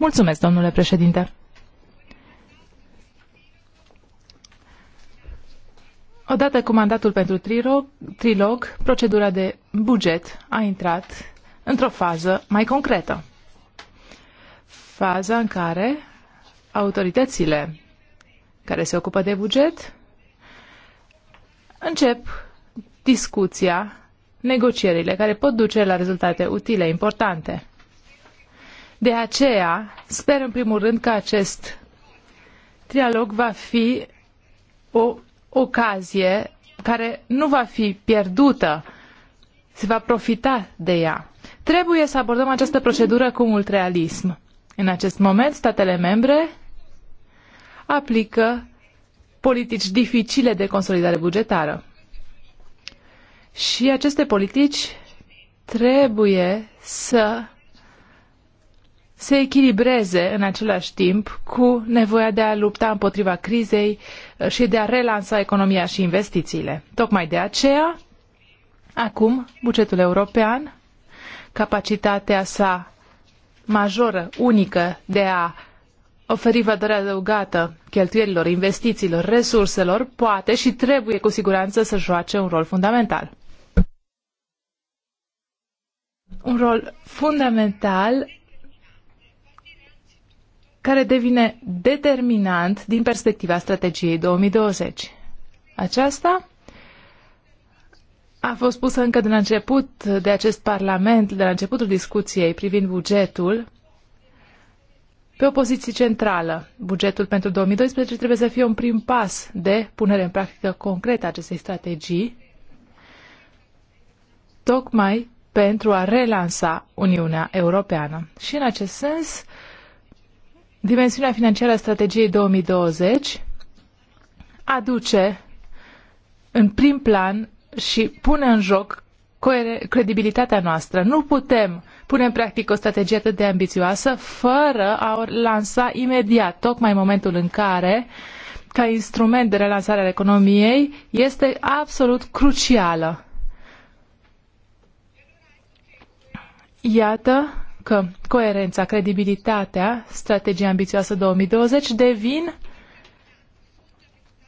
Mulțumesc, domnule președinte. Odată cu mandatul pentru trilog, trilog, procedura de buget a intrat într-o fază mai concretă. Faza în care autoritățile care se ocupă de buget încep discuția, negocierile care pot duce la rezultate utile, importante. De aceea, sper în primul rând că acest trialog va fi o ocazie care nu va fi pierdută, se va profita de ea. Trebuie să abordăm această procedură cu mult realism. În acest moment, statele membre aplică politici dificile de consolidare bugetară. Și aceste politici trebuie să se echilibreze în același timp cu nevoia de a lupta împotriva crizei uh, și de a relansa economia și investițiile. Tocmai de aceea, acum, bugetul european, capacitatea sa majoră, unică, de a oferi valoare adăugată cheltuielilor, investițiilor, resurselor, poate și trebuie cu siguranță să joace un rol fundamental. Un rol fundamental care devine determinant din perspectiva strategiei 2020. Aceasta a fost pusă încă de la început de acest Parlament, de la începutul discuției privind bugetul, pe o poziție centrală. Bugetul pentru 2012 trebuie să fie un prim pas de punere în practică concretă a acestei strategii, tocmai pentru a relansa Uniunea Europeană. Și în acest sens, uh, dimensiunea financiară a strategiei 2020 aduce în prim plan și pune în joc credibilitatea noastră. Nu putem pune în practică o strategie atât de ambițioasă fără a o lansa imediat, tocmai în momentul în care, ca instrument de relansare al economiei, este absolut crucială. Iată că coerența, credibilitatea, strategia ambițioasă 2020 devin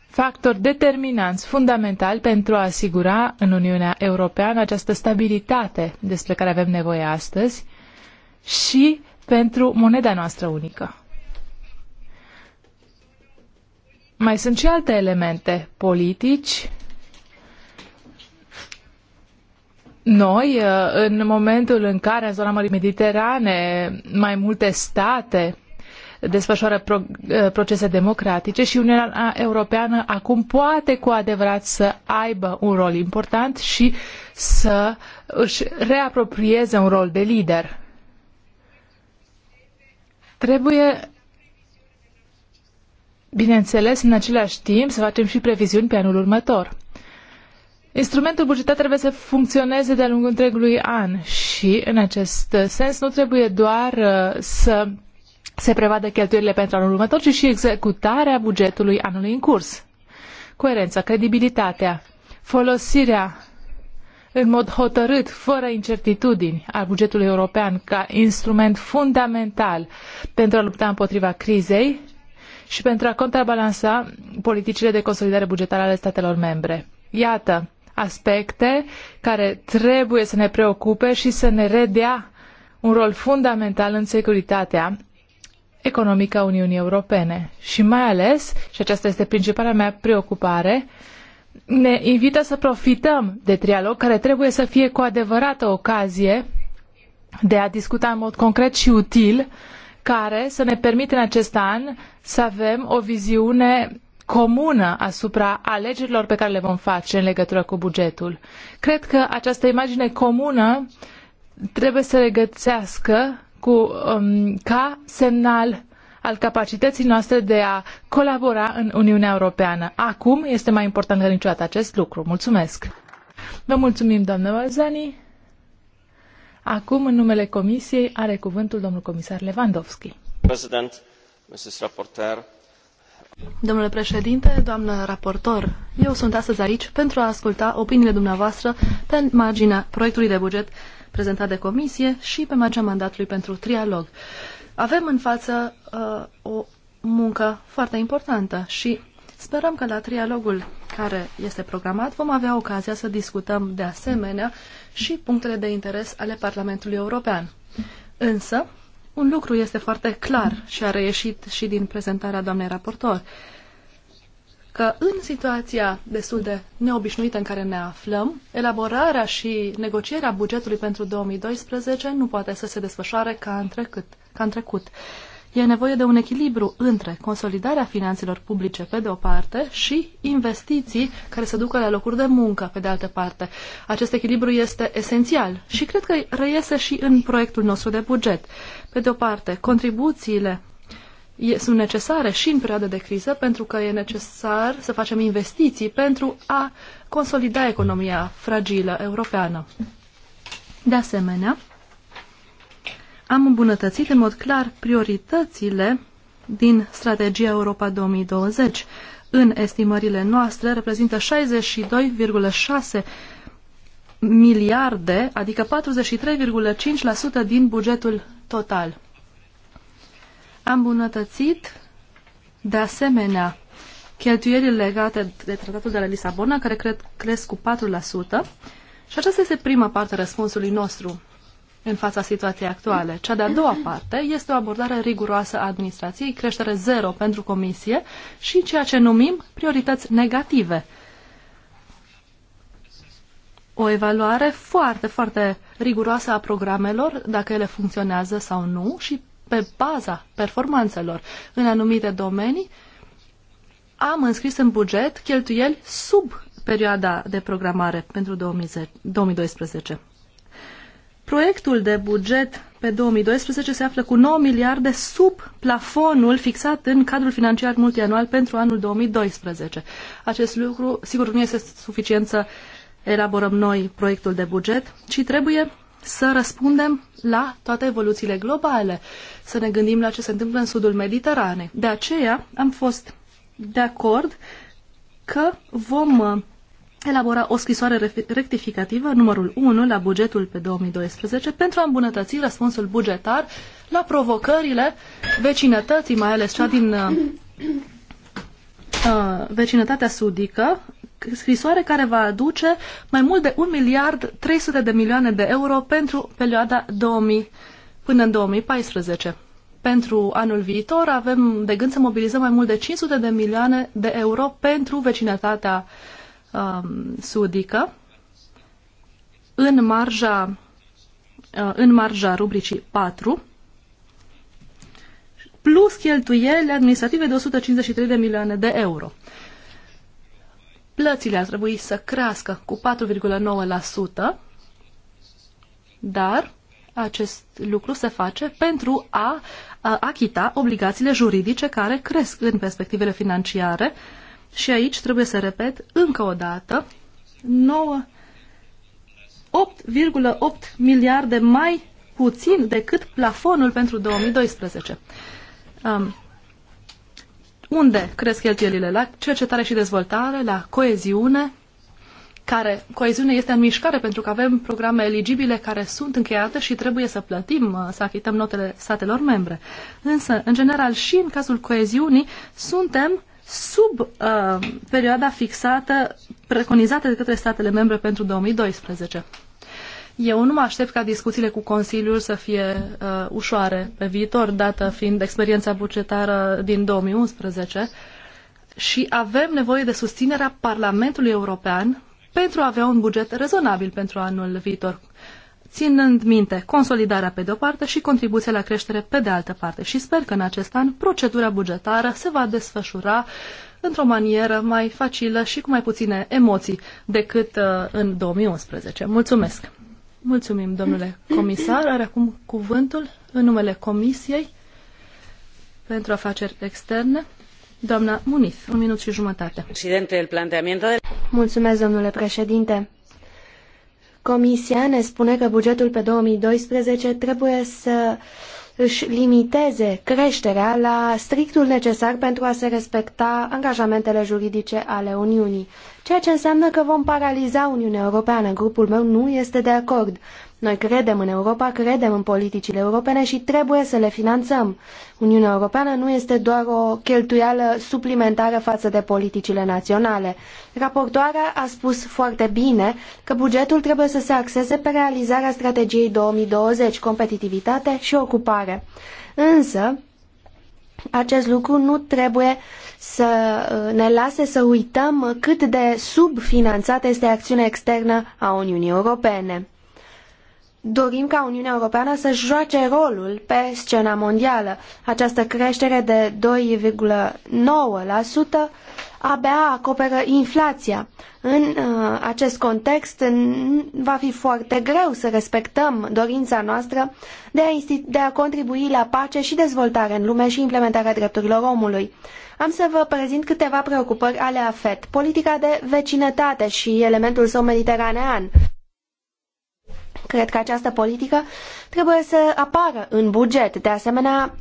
factori determinanți, fundamental pentru a asigura în Uniunea Europeană această stabilitate despre care avem nevoie astăzi și pentru moneda noastră unică. Mai sunt și alte elemente politici Noi, uh, în momentul în care în zona Mării Mediterane mai multe state desfășoară pro, uh, procese democratice și Uniunea Europeană acum poate cu adevărat să aibă un rol important și să își reaproprieze un rol de lider. Trebuie, bineînțeles, în același timp să facem și previziuni pe anul următor. Instrumentul bugetar trebuie să funcționeze de-a lungul întregului an și, în acest uh, sens, nu trebuie doar uh, să se prevadă cheltuielile pentru anul următor, ci și executarea bugetului anului în curs. Coerența, credibilitatea, folosirea în mod hotărât, fără incertitudini, al bugetului european ca instrument fundamental pentru a lupta împotriva crizei și pentru a contrabalansa politicile de consolidare bugetară ale statelor membre. Iată, aspecte care trebuie să ne preocupe și să ne redea un rol fundamental în securitatea economică a Uniunii Europene. Și mai ales, și aceasta este principala mea preocupare, ne invită să profităm de trialog care trebuie să fie cu adevărat o ocazie de a discuta în mod concret și util care să ne permită în acest an să avem o viziune comună asupra alegerilor pe care le vom face în legătură cu bugetul. Cred că această imagine comună trebuie să regățească cu, um, ca semnal al capacității noastre de a colabora în Uniunea Europeană. Acum este mai important ca niciodată acest lucru. Mulțumesc! Vă mulțumim, doamnă Balzani. Acum, în numele Comisiei, are cuvântul domnul comisar Lewandowski. President, Mrs. Domnule președinte, doamnă raportor, eu sunt astăzi aici pentru a asculta opiniile dumneavoastră pe marginea proiectului de buget prezentat de comisie și pe marginea mandatului pentru trialog. Avem în față uh, o muncă foarte importantă și sperăm că la trialogul care este programat vom avea ocazia să discutăm de asemenea și punctele de interes ale Parlamentului European. Însă, un lucru este foarte clar și a reieșit și din prezentarea doamnei raportor, că în situația destul de neobișnuită în care ne aflăm, elaborarea și negocierea bugetului pentru 2012 nu poate să se desfășoare ca în, trecut, ca în trecut. E nevoie de un echilibru între consolidarea finanțelor publice pe de o parte și investiții care să ducă la locuri de muncă pe de altă parte. Acest echilibru este esențial și cred că reiese și în proiectul nostru de buget. Pe de o parte, contribuțiile sunt necesare și în perioada de criză pentru că e necesar să facem investiții pentru a consolida economia fragilă europeană. De asemenea, am îmbunătățit în mod clar prioritățile din strategia Europa 2020. În estimările noastre reprezintă 62,6 miliarde, adică 43,5% din bugetul total. Am îmbunătățit de asemenea cheltuielile legate de tratatul de la Lisabona, care cred cresc cu 4%. Și aceasta este prima parte a răspunsului nostru în fața situației actuale. Cea de-a doua parte este o abordare riguroasă a administrației, creștere zero pentru comisie și ceea ce numim priorități negative. O evaluare foarte, foarte riguroasă a programelor, dacă ele funcționează sau nu și pe baza performanțelor în anumite domenii, am înscris în buget cheltuieli sub perioada de programare pentru 2012. Proiectul de buget pe 2012 se află cu 9 miliarde sub plafonul fixat în cadrul financiar multianual pentru anul 2012. Acest lucru, sigur, nu este suficient să elaborăm noi proiectul de buget, ci trebuie să răspundem la toate evoluțiile globale, să ne gândim la ce se întâmplă în sudul Mediteranei. De aceea am fost de acord că vom elabora o scrisoare rectificativă, numărul 1, la bugetul pe 2012, pentru a îmbunătăți răspunsul bugetar la provocările vecinătății, mai ales cea din uh, uh vecinătatea sudică, scrisoare care va aduce mai mult de 1 miliard 300 de milioane de euro pentru perioada 2000 până în 2014. Pentru anul viitor avem de gând să mobilizăm mai mult de 500 de milioane de euro pentru vecinătatea uh, um, sudică, în marja, uh, în marja rubricii 4, plus cheltuieli administrative de 153 de milioane de euro. Plățile ar trebui să crească cu 4,9%, dar acest lucru se face pentru a achita obligațiile juridice care cresc în perspectivele financiare uh, și aici trebuie să repet încă o dată, 8,8 miliarde mai puțin decât plafonul pentru 2012. Um, unde cresc cheltuielile? La cercetare și dezvoltare, la coeziune, care coeziune este în mișcare pentru că avem programe eligibile care sunt încheiate și trebuie să plătim, uh, să achităm notele statelor membre. Însă, în general, și în cazul coeziunii, suntem sub uh, perioada fixată, preconizată de către statele membre pentru 2012. Eu nu mă aștept ca discuțiile cu Consiliul să fie uh, ușoare pe viitor, dată fiind experiența bugetară din 2011, și avem nevoie de susținerea Parlamentului European pentru a avea un buget rezonabil pentru anul viitor ținând minte consolidarea pe de-o parte și contribuția la creștere pe de altă parte. Și sper că în acest an procedura bugetară se va desfășura într-o manieră mai facilă și cu mai puține emoții decât uh, în 2011. Mulțumesc! Mulțumim, domnule comisar. Are acum cuvântul în numele Comisiei pentru Afaceri Externe. Doamna Muniz, un minut și jumătate. Mulțumesc, domnule președinte. Comisia ne spune că bugetul pe 2012 trebuie să își limiteze creșterea la strictul necesar pentru a se respecta angajamentele juridice ale Uniunii, ceea ce înseamnă că vom paraliza Uniunea Europeană. Grupul meu nu este de acord. Noi credem în Europa, credem în politicile europene și trebuie să le finanțăm. Uniunea Europeană nu este doar o cheltuială suplimentară față de politicile naționale. Raportoarea a spus foarte bine că bugetul trebuie să se axeze pe realizarea strategiei 2020, competitivitate și ocupare. Însă, acest lucru nu trebuie să uh, ne lase să uităm cât de subfinanțată este acțiunea externă a Uniunii Europene dorim ca Uniunea Europeană să joace rolul pe scena mondială. Această creștere de 2,9% abia acoperă inflația. În uh, acest context va fi foarte greu să respectăm dorința noastră de a, de a contribui la pace și dezvoltare în lume și implementarea drepturilor omului. Am să vă prezint câteva preocupări ale AFET, politica de vecinătate și elementul său mediteranean Cred că această politică trebuie să apară în buget. De asemenea,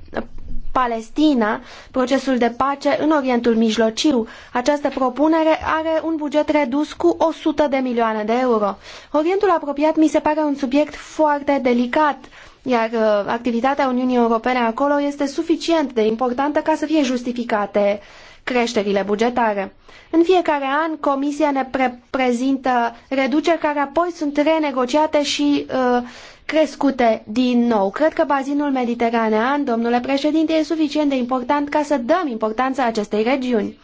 Palestina, procesul de pace în Orientul Mijlociu. Această propunere are un buget redus cu 100 de milioane de euro. Orientul apropiat mi se pare un subiect foarte delicat, iar uh, activitatea Uniunii Europene acolo este suficient de importantă ca să fie justificate uh, creșterile bugetare. În fiecare an, Comisia ne pre prezintă reduceri care apoi sunt renegociate și uh, crescute din nou. Cred că bazinul mediteranean, domnule președinte, e suficient de important ca să dăm importanța acestei regiuni.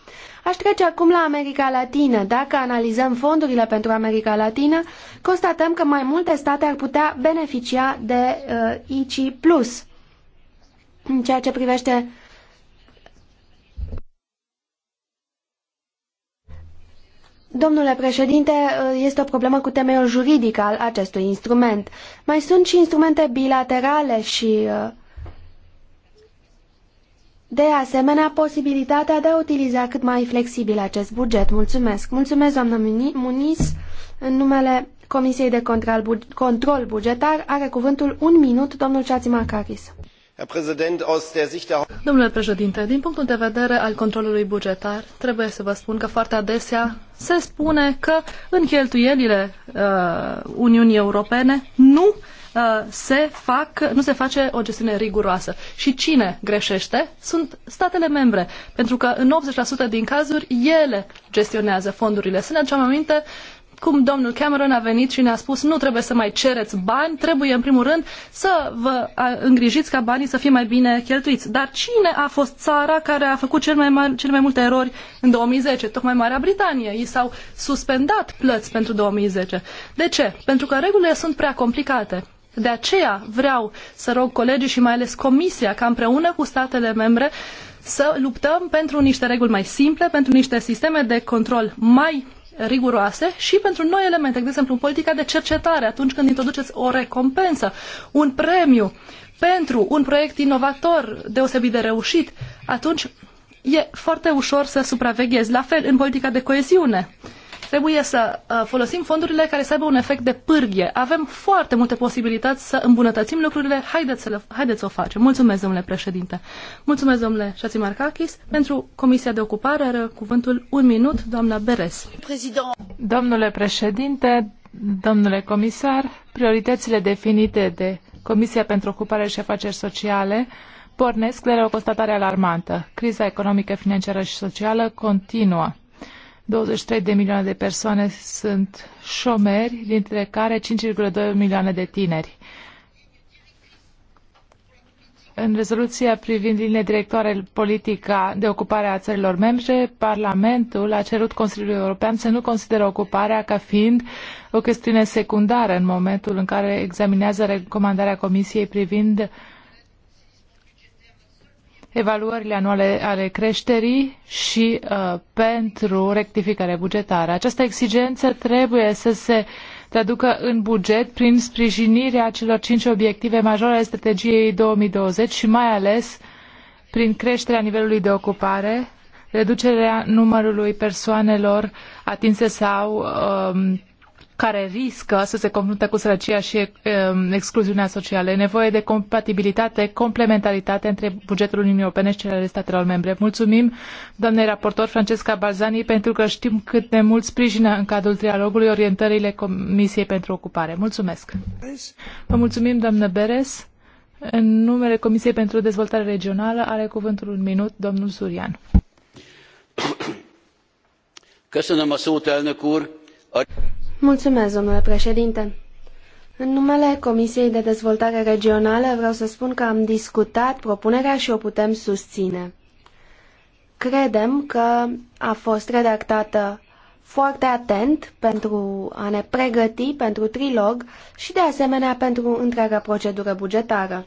Aș trece acum la America Latină. Dacă analizăm fondurile pentru America Latină, constatăm că mai multe state ar putea beneficia de uh, ICI+. În ceea ce privește Domnule președinte, este o problemă cu temeiul juridic al acestui instrument. Mai sunt și instrumente bilaterale și de asemenea posibilitatea de a utiliza cât mai flexibil acest buget. Mulțumesc. Mulțumesc, doamnă Muniz. În numele Comisiei de Control Bugetar are cuvântul un minut domnul Ceați Domnule președinte, din punctul de vedere al controlului bugetar, trebuie să vă spun că foarte adesea se spune că în cheltuielile uh, Uniunii Europene nu uh, se fac, nu se face o gestiune riguroasă. Și cine greșește? Sunt statele membre, pentru că în 80% din cazuri ele gestionează fondurile. Să ne aducem aminte uh, cum domnul Cameron a venit și ne-a spus nu trebuie să mai cereți bani, trebuie în primul rând să vă îngrijiți ca banii să fie mai bine cheltuiți. Dar cine a fost țara care a făcut cel mai mari, cele mai multe erori în 2010? Tocmai Marea Britanie. I s-au suspendat plăți pentru 2010. De ce? Pentru că regulile sunt prea complicate. De aceea vreau să rog colegii și mai ales Comisia ca împreună cu statele membre să luptăm pentru niște reguli mai simple, pentru niște sisteme de control mai riguroase și pentru noi elemente, de exemplu, în politica de cercetare, atunci când introduceți o recompensă, un premiu pentru un proiect inovator deosebit de reușit, atunci e foarte ușor să supraveghezi. La fel în politica de coeziune. Uh, Trebuie să uh, folosim fondurile care să aibă un efect de pârghie. Avem foarte multe posibilități să îmbunătățim lucrurile. Haideți să, le, haideți să o facem. Mulțumesc, domnule președinte. Mulțumesc, domnule Marcachis. Pentru Comisia de Ocupare are cuvântul un minut, doamna Beres. President. Domnule președinte, domnule comisar, prioritățile definite de Comisia pentru Ocupare și Afaceri Sociale pornesc de la o constatare alarmantă. Criza economică, financiară și socială continuă. 23 de milioane de persoane sunt șomeri, dintre care 5,2 milioane de tineri. În rezoluția privind linie directoare politica de ocupare a țărilor membre, Parlamentul a cerut Consiliului European să nu consideră ocuparea ca fiind o chestiune secundară în momentul în care examinează recomandarea Comisiei privind uh, evaluările anuale ale creșterii și uh, pentru rectificare bugetară. Această exigență trebuie să se traducă în buget prin sprijinirea celor cinci obiective majore ale strategiei 2020 și mai ales prin creșterea nivelului de ocupare, reducerea numărului persoanelor atinse sau uh, care riscă să se confrunte cu sărăcia și um, excluziunea socială. E nevoie de compatibilitate, complementaritate între bugetul Uniunii Europene și cel al statelor membre. Mulțumim doamnei raportor Francesca Balzani pentru că știm cât de mult sprijină în cadrul trialogului orientările Comisiei pentru Ocupare. Mulțumesc! Vă mulțumim, doamnă Beres. În numele Comisiei pentru Dezvoltare Regională are cuvântul un minut domnul Surian. Köszönöm a szót, elnök úr! Mulțumesc, domnule președinte. În numele Comisiei de Dezvoltare Regională vreau să spun că am discutat propunerea și o putem susține. Credem că a fost redactată foarte atent pentru a ne pregăti pentru trilog și de asemenea pentru întreaga procedură bugetară.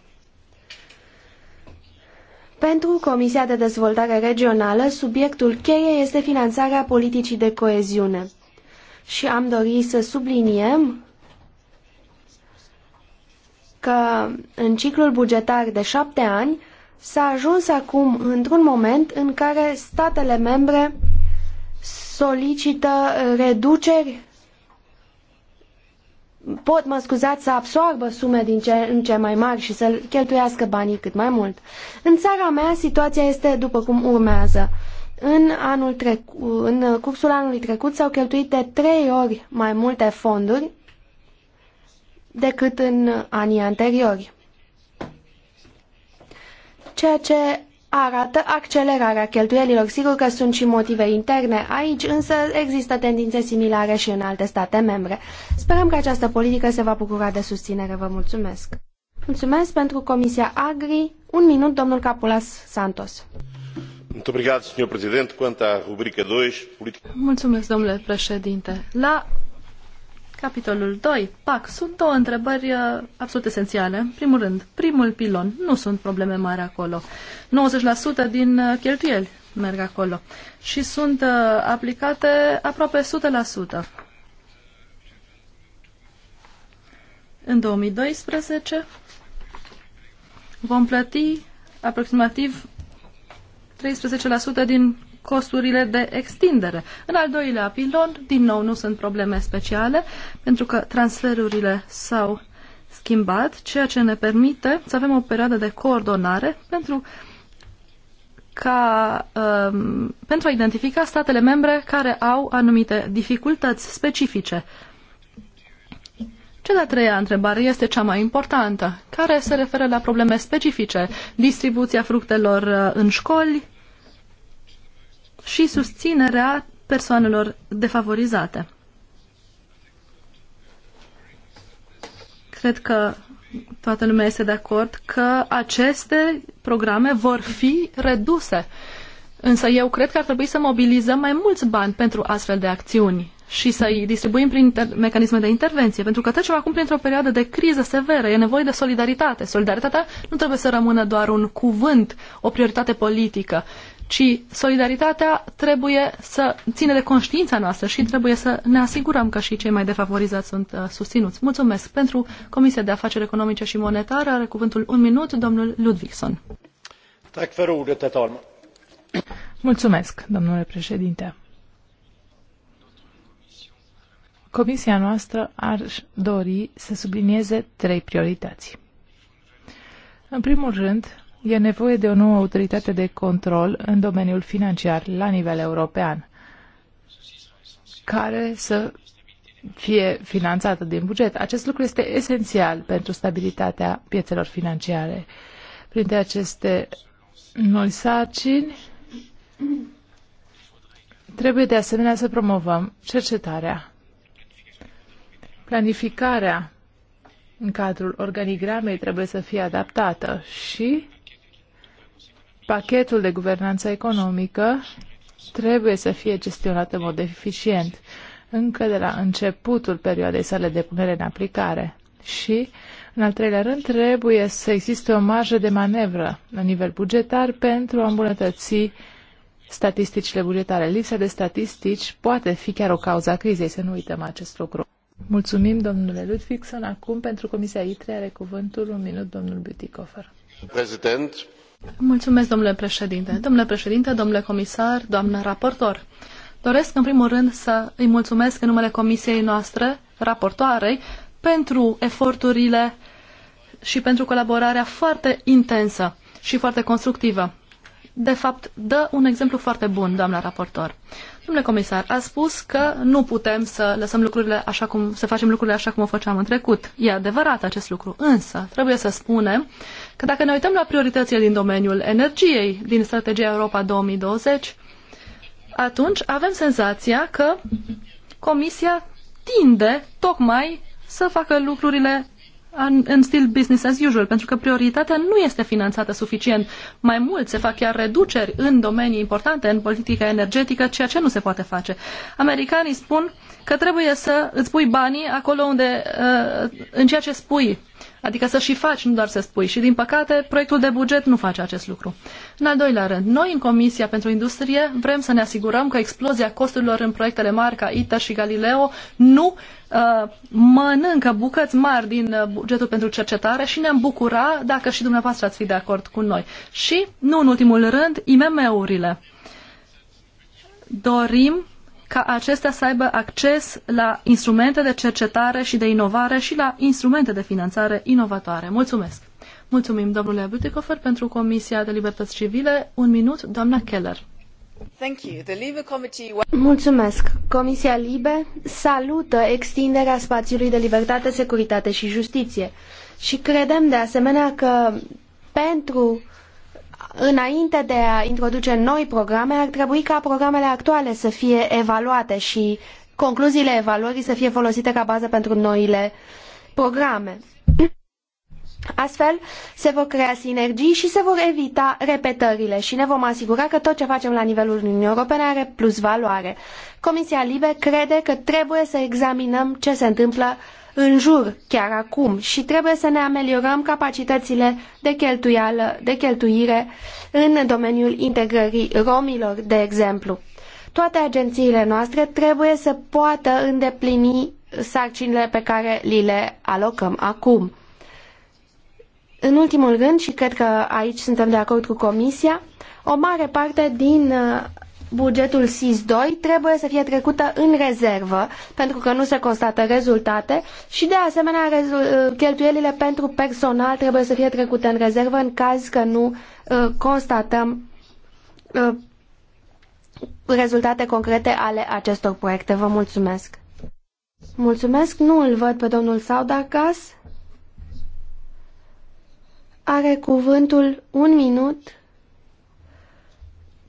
Pentru Comisia de Dezvoltare Regională, subiectul cheie este finanțarea politicii de coeziune și am dorit să subliniem că în ciclul bugetar de șapte ani s-a ajuns acum într-un moment în care statele membre solicită reduceri pot, mă scuzați, să absorbă sume din ce în ce mai mari și să cheltuiască banii cât mai mult. În țara mea, situația este după cum urmează. În, anul trecu- în cursul anului trecut s-au cheltuit de trei ori mai multe fonduri decât în anii anteriori, ceea ce arată accelerarea cheltuielilor. Sigur că sunt și motive interne aici, însă există tendințe similare și în alte state membre. Sperăm că această politică se va bucura de susținere. Vă mulțumesc! Mulțumesc pentru Comisia Agri. Un minut, domnul Capulas Santos președinte. La capitolul doi, PAC, sunt două întrebări uh, absolut esențiale. În primul rând, primul pilon, nu sunt probleme mari acolo. 90% din uh, cheltuieli merg acolo și sunt uh, aplicate aproape 100%. În 2012 vom plăti aproximativ 13% din costurile de extindere. În al doilea pilon, din nou, nu sunt probleme speciale, pentru că transferurile s-au schimbat, ceea ce ne permite să avem o perioadă de coordonare pentru ca, um, pentru a identifica statele membre care au anumite dificultăți specifice cea de-a treia întrebare este cea mai importantă, care se referă la probleme specifice, distribuția fructelor uh, în școli și susținerea persoanelor defavorizate. Cred că toată lumea este de acord că aceste programe vor fi reduse. Însă eu cred că ar trebui să mobilizăm mai mulți bani pentru astfel de acțiuni și să-i distribuim prin mecanisme de intervenție, pentru că trecem acum printr-o perioadă de criză severă, e nevoie de solidaritate. Solidaritatea nu trebuie să rămână doar un cuvânt, o prioritate politică, ci solidaritatea trebuie să ține de conștiința noastră și trebuie să ne asigurăm că și cei mai defavorizați sunt uh, susținuți. Mulțumesc pentru Comisia de Afaceri Economice și Monetare. Are cuvântul un minut, domnul Ludvigson. Mulțumesc, domnule președinte. Comisia noastră ar dori să sublinieze trei priorități. În primul rând, e nevoie de o nouă autoritate de control în domeniul financiar la nivel european, care să fie finanțată din buget. Acest lucru este esențial pentru stabilitatea piețelor financiare. Printre aceste noi sarcini, trebuie de asemenea să promovăm cercetarea Planificarea în cadrul organigramei trebuie să fie adaptată și pachetul de guvernanță economică trebuie să fie gestionat în mod eficient încă de la începutul perioadei sale de punere în aplicare. Și, în al treilea rând, trebuie să existe o marjă de manevră la nivel bugetar pentru a îmbunătăți statisticile bugetare. Lipsa de statistici poate fi chiar o cauza crizei, să nu uităm acest lucru. Mulțumim, domnule Ludvigson. Acum, pentru Comisia ITRE, are cuvântul un minut domnul Butikofer. Prezident. Mulțumesc, domnule președinte. Domnule președinte, domnule comisar, doamnă raportor. Doresc, în primul rând, să îi mulțumesc în numele comisiei noastre, raportoarei, pentru eforturile și pentru colaborarea foarte intensă și foarte constructivă. De fapt, dă un exemplu foarte bun, doamna raportor. Domnule comisar, a spus că nu putem să lăsăm lucrurile așa cum, să facem lucrurile așa cum o făceam în trecut. E adevărat acest lucru, însă trebuie să spunem că dacă ne uităm la prioritățile din domeniul energiei din strategia Europa 2020, atunci avem senzația că Comisia tinde tocmai să facă lucrurile în, în stil business as usual, pentru că prioritatea nu este finanțată suficient. Mai mult se fac chiar reduceri în domenii importante, în politica energetică, ceea ce nu se poate face. Americanii spun că trebuie să îți pui banii acolo unde, uh, în ceea ce spui. Adică să și faci, nu doar să spui. Și, din păcate, proiectul de buget nu face acest lucru. În al doilea rând, noi în Comisia pentru Industrie vrem să ne asigurăm că explozia costurilor în proiectele mari ca ITER și Galileo nu uh, mănâncă bucăți mari din uh, bugetul pentru cercetare și ne-am bucura dacă și dumneavoastră ați fi de acord cu noi. Și, nu în ultimul rând, IMM-urile. Dorim ca acestea să aibă acces la instrumente de cercetare și de inovare și la instrumente de finanțare inovatoare. Mulțumesc! Mulțumim, domnule Butikofer, pentru Comisia de Libertăți Civile. Un minut, doamna Keller. Mulțumesc. Comisia Libe salută extinderea spațiului de libertate, securitate și justiție. Și credem de asemenea că pentru înainte de a introduce noi programe, ar trebui ca programele actuale să fie evaluate și concluziile evaluării să fie folosite ca bază pentru noile programe. Astfel, se vor crea sinergii și se vor evita repetările și ne vom asigura că tot ce facem la nivelul Uniunii Europene are plus valoare. Comisia Libe crede că trebuie să examinăm ce se întâmplă în jur chiar acum și trebuie să ne ameliorăm capacitățile de, cheltuială, de cheltuire în domeniul integrării romilor, de exemplu. Toate agențiile noastre trebuie să poată îndeplini sarcinile pe care li le alocăm acum. În ultimul rând, și cred că aici suntem de acord cu Comisia, o mare parte din bugetul SIS-2 trebuie să fie trecută în rezervă pentru că nu se constată rezultate și de asemenea uh, cheltuielile pentru personal trebuie să fie trecute în rezervă în caz că nu uh, constatăm uh, rezultate concrete ale acestor proiecte. Vă mulțumesc! Mulțumesc, nu îl văd pe domnul Saudargas. Are cuvântul un minut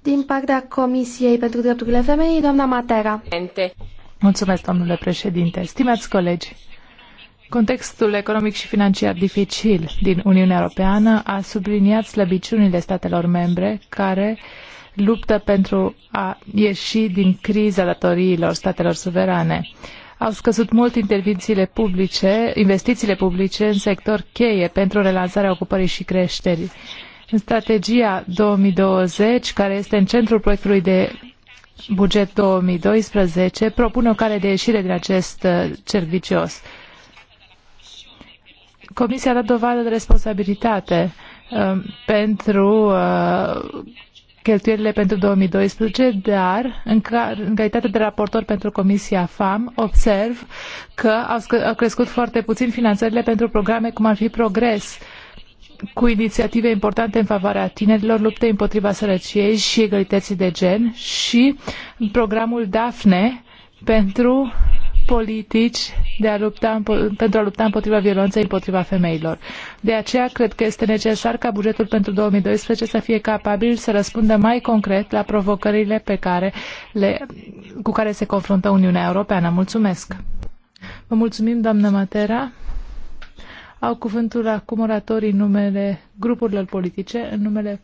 din partea Comisiei pentru Drepturile Femeii, doamna Matera. Mulțumesc, domnule președinte. Stimați colegi, contextul economic și financiar dificil din Uniunea Europeană a subliniat slăbiciunile statelor membre care luptă pentru a ieși din criza datoriilor statelor suverane. Au scăzut mult intervențiile publice, investițiile publice în sector cheie pentru relansarea ocupării și creșterii în strategia 2020, care este în centrul proiectului de buget 2012, propune o cale de ieșire din acest uh, cerc vicios. Comisia a dat dovadă de responsabilitate um, pentru uh, cheltuielile pentru 2012, dar în, în calitate de raportor pentru Comisia FAM observ că au, au crescut foarte puțin finanțările pentru programe cum ar fi Progres, uh, cu inițiative importante în favoarea tinerilor, lupte împotriva sărăciei și egalității de gen și programul DAFNE pentru politici de a lupta, pentru a lupta împotriva violenței împotriva femeilor. De aceea cred că este necesar ca bugetul pentru 2012 să fie capabil să răspundă mai concret la provocările pe care le, cu care se confruntă Uniunea Europeană. Mulțumesc! Vă mulțumim, doamnă Matera. Au cuvântul acum oratorii în numele grupurilor politice, în numele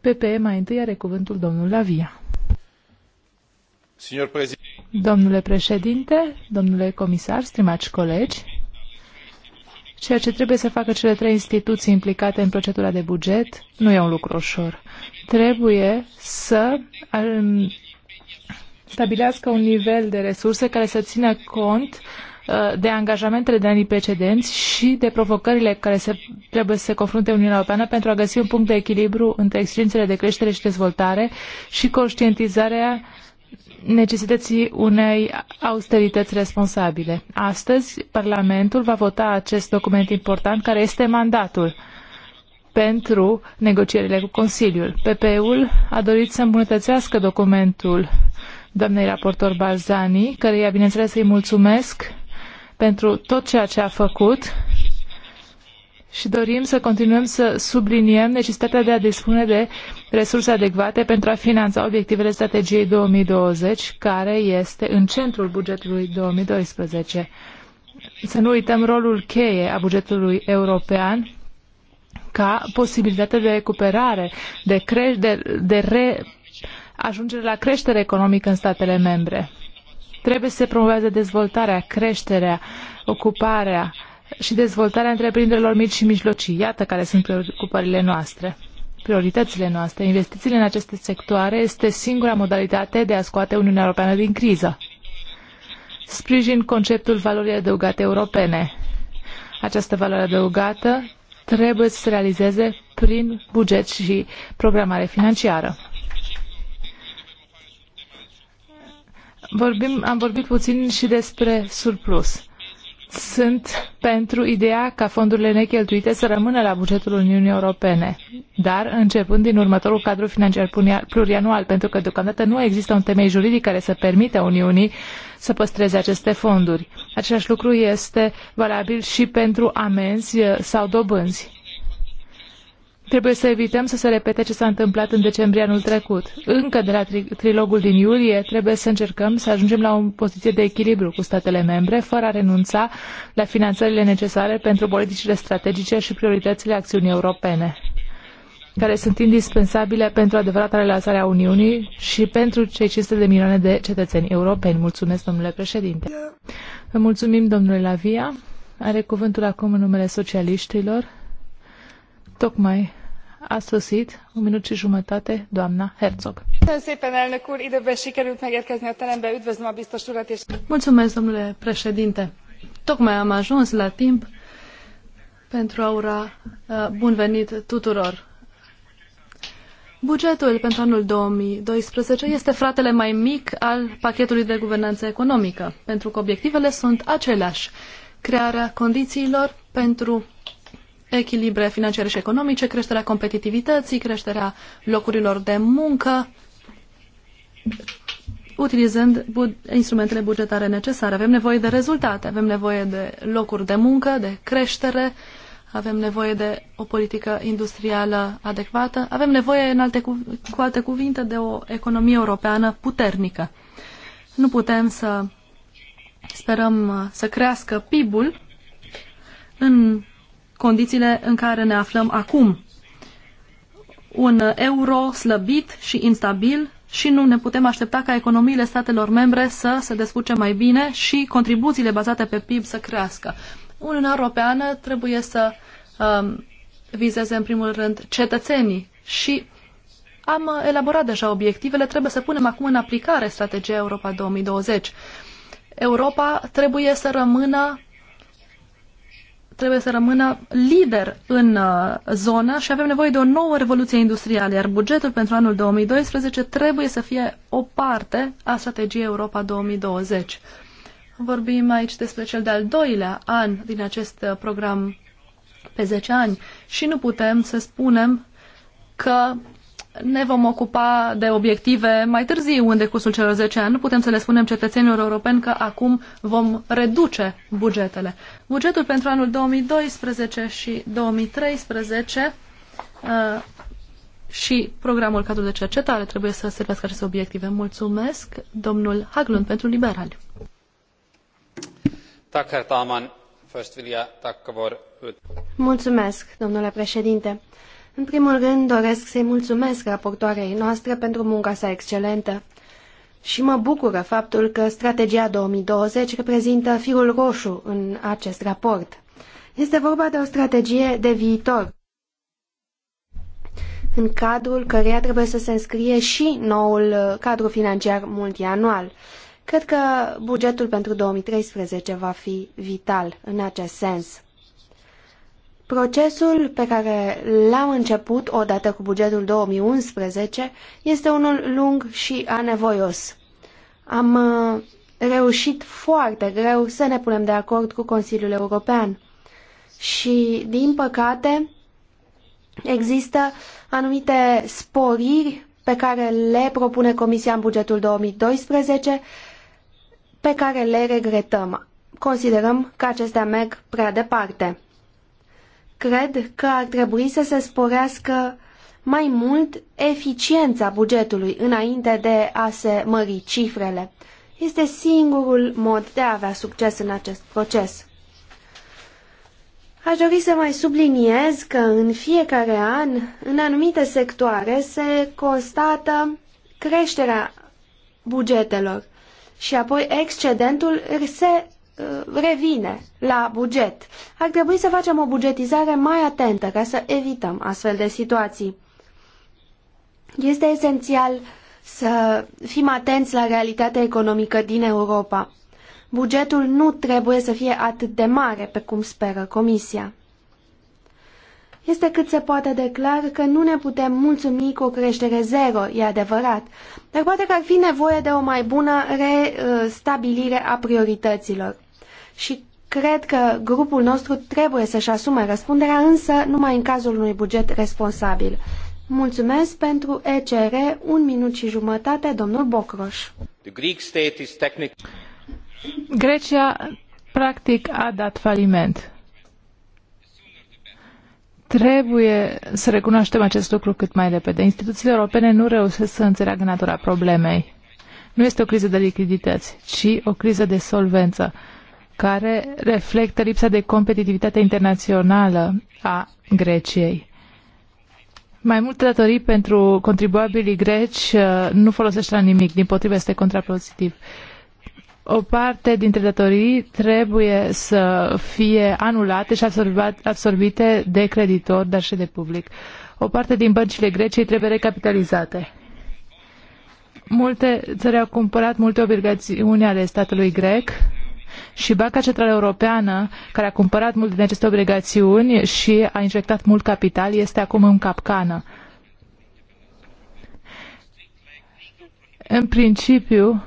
PPE. Mai întâi are cuvântul domnul Lavia. Domnule președinte, domnule comisar, stimați colegi, ceea ce trebuie să facă cele trei instituții implicate în procedura de buget nu e un lucru ușor. Trebuie să um, stabilească un nivel de resurse care să țină cont Uh, de angajamentele de anii precedenți și de provocările care se, trebuie să se confrunte Uniunea Europeană pentru a găsi un punct de echilibru între exigențele de creștere și dezvoltare și conștientizarea necesității unei austerități responsabile. Astăzi, Parlamentul va vota acest document important care este mandatul pentru negocierile cu Consiliul. PPE-ul a dorit să îmbunătățească documentul doamnei raportor Barzani, căreia, bineînțeles, îi mulțumesc pentru tot ceea ce a făcut și dorim să continuăm să subliniem necesitatea de a dispune de resurse adecvate pentru a finanța obiectivele strategiei 2020, care este în centrul bugetului 2012. Să nu uităm rolul cheie a bugetului european ca posibilitate de recuperare, de, cre- de, de re- ajungere la creștere economică în statele membre. Trebuie să se promoveze dezvoltarea, creșterea, ocuparea și dezvoltarea întreprinderilor mici și mijlocii. Iată care sunt preocupările noastre prioritățile noastre. Investițiile în aceste sectoare este singura modalitate de a scoate Uniunea Europeană din criză. Sprijin conceptul valorii adăugate europene. Această valoare adăugată trebuie să se realizeze prin buget și programare financiară. Vorbim, am vorbit puțin și despre surplus. Sunt pentru ideea ca fondurile necheltuite să rămână la bugetul Uniunii Europene, dar începând din următorul cadru financiar plurianual, pentru că deocamdată nu există un temei juridic care să permită Uniunii să păstreze aceste fonduri. Același lucru este valabil și pentru amenzi sau dobânzi. Trebuie să evităm să se repete ce s-a întâmplat în decembrie anul trecut. Încă de la tri trilogul din iulie trebuie să încercăm să ajungem la o poziție de echilibru cu statele membre, fără a renunța la finanțările necesare pentru politicile strategice și prioritățile acțiunii europene, care sunt indispensabile pentru adevărata relansare a Uniunii și pentru cei 500 de milioane de cetățeni europeni. Mulțumesc, domnule președinte. Vă mulțumim, domnule Lavia. Are cuvântul acum în numele socialiștilor. Tocmai a sosit un minut și jumătate doamna Herzog. Mulțumesc, domnule președinte. Tocmai am ajuns la timp pentru a ura uh, bun venit tuturor. Bugetul pentru anul 2012 este fratele mai mic al pachetului de guvernanță economică, pentru că obiectivele sunt aceleași. Crearea condițiilor pentru echilibre financiare și economice, creșterea competitivității, creșterea locurilor de muncă, utilizând bu instrumentele bugetare necesare. Avem nevoie de rezultate, avem nevoie de locuri de muncă, de creștere, avem nevoie de o politică industrială adecvată, avem nevoie, în alte cu, cu alte cuvinte, de o economie europeană puternică. Nu putem să sperăm să crească PIB-ul în condițiile în care ne aflăm acum. Un euro slăbit și instabil și nu ne putem aștepta ca economiile statelor membre să se descurce mai bine și contribuțiile bazate pe PIB să crească. Uniunea Europeană trebuie să um, vizeze în primul rând cetățenii și am elaborat deja obiectivele, trebuie să punem acum în aplicare strategia Europa 2020. Europa trebuie să rămână trebuie să rămână lider în uh, zonă și avem nevoie de o nouă revoluție industrială, iar bugetul pentru anul 2012 trebuie să fie o parte a strategiei Europa 2020. Vorbim aici despre cel de-al doilea an din acest uh, program pe 10 ani și nu putem să spunem că ne vom ocupa de obiective mai târziu în decursul celor 10 ani. Nu putem să le spunem cetățenilor europeni că acum vom reduce bugetele. Bugetul pentru anul 2012 și 2013 uh, și programul cadru de cercetare trebuie să servească aceste obiective. Mulțumesc, domnul Haglund, pentru liberali. Mulțumesc, domnule președinte. În primul rând, doresc să-i mulțumesc raportoarei noastre pentru munca sa excelentă și mă bucură faptul că strategia 2020 reprezintă firul roșu în acest raport. Este vorba de o strategie de viitor, în cadrul căreia trebuie să se înscrie și noul uh, cadru financiar multianual. Cred că bugetul pentru 2013 va fi vital în acest sens. Procesul pe care l-am început odată cu bugetul 2011 este unul lung și anevoios. Am uh, reușit foarte greu să ne punem de acord cu Consiliul European și, din păcate, există anumite sporiri pe care le propune Comisia în bugetul 2012, pe care le regretăm. Considerăm că acestea merg prea departe. Cred că ar trebui să se sporească mai mult eficiența bugetului înainte de a se mări cifrele. Este singurul mod de a avea succes în acest proces. Aș dori să mai subliniez că în fiecare an, în anumite sectoare, se constată creșterea bugetelor și apoi excedentul se Uh, revine la buget. Ar trebui să facem o bugetizare mai atentă ca să evităm astfel de situații. Este esențial să fim atenți la realitatea economică din Europa. Bugetul nu trebuie să fie atât de mare pe cum speră Comisia. Este cât se poate de clar că nu ne putem mulțumi cu o creștere zero, e adevărat, dar poate că ar fi nevoie de o mai bună restabilire a priorităților și cred că grupul nostru trebuie să-și asume răspunderea, însă numai în cazul unui buget responsabil. Mulțumesc pentru ECR, un minut și jumătate, domnul Bocroș. Grecia practic a dat faliment. Trebuie să recunoaștem acest lucru cât mai repede. Instituțiile europene nu reușesc să înțeleagă natura problemei. Nu este o criză de lichidități, ci o criză de solvență care reflectă lipsa de competitivitate internațională a Greciei. Mai multe datorii pentru contribuabilii greci uh, nu folosește la nimic, din potrivă este contrapozitiv. O parte dintre datorii trebuie să fie anulate și absorbite de creditor, dar și de public. O parte din băncile Greciei trebuie recapitalizate. Multe țări au cumpărat multe obligațiuni ale statului grec și Banca Centrală Europeană, care a cumpărat mult din aceste obligațiuni și a injectat mult capital, este acum în capcană. În principiu,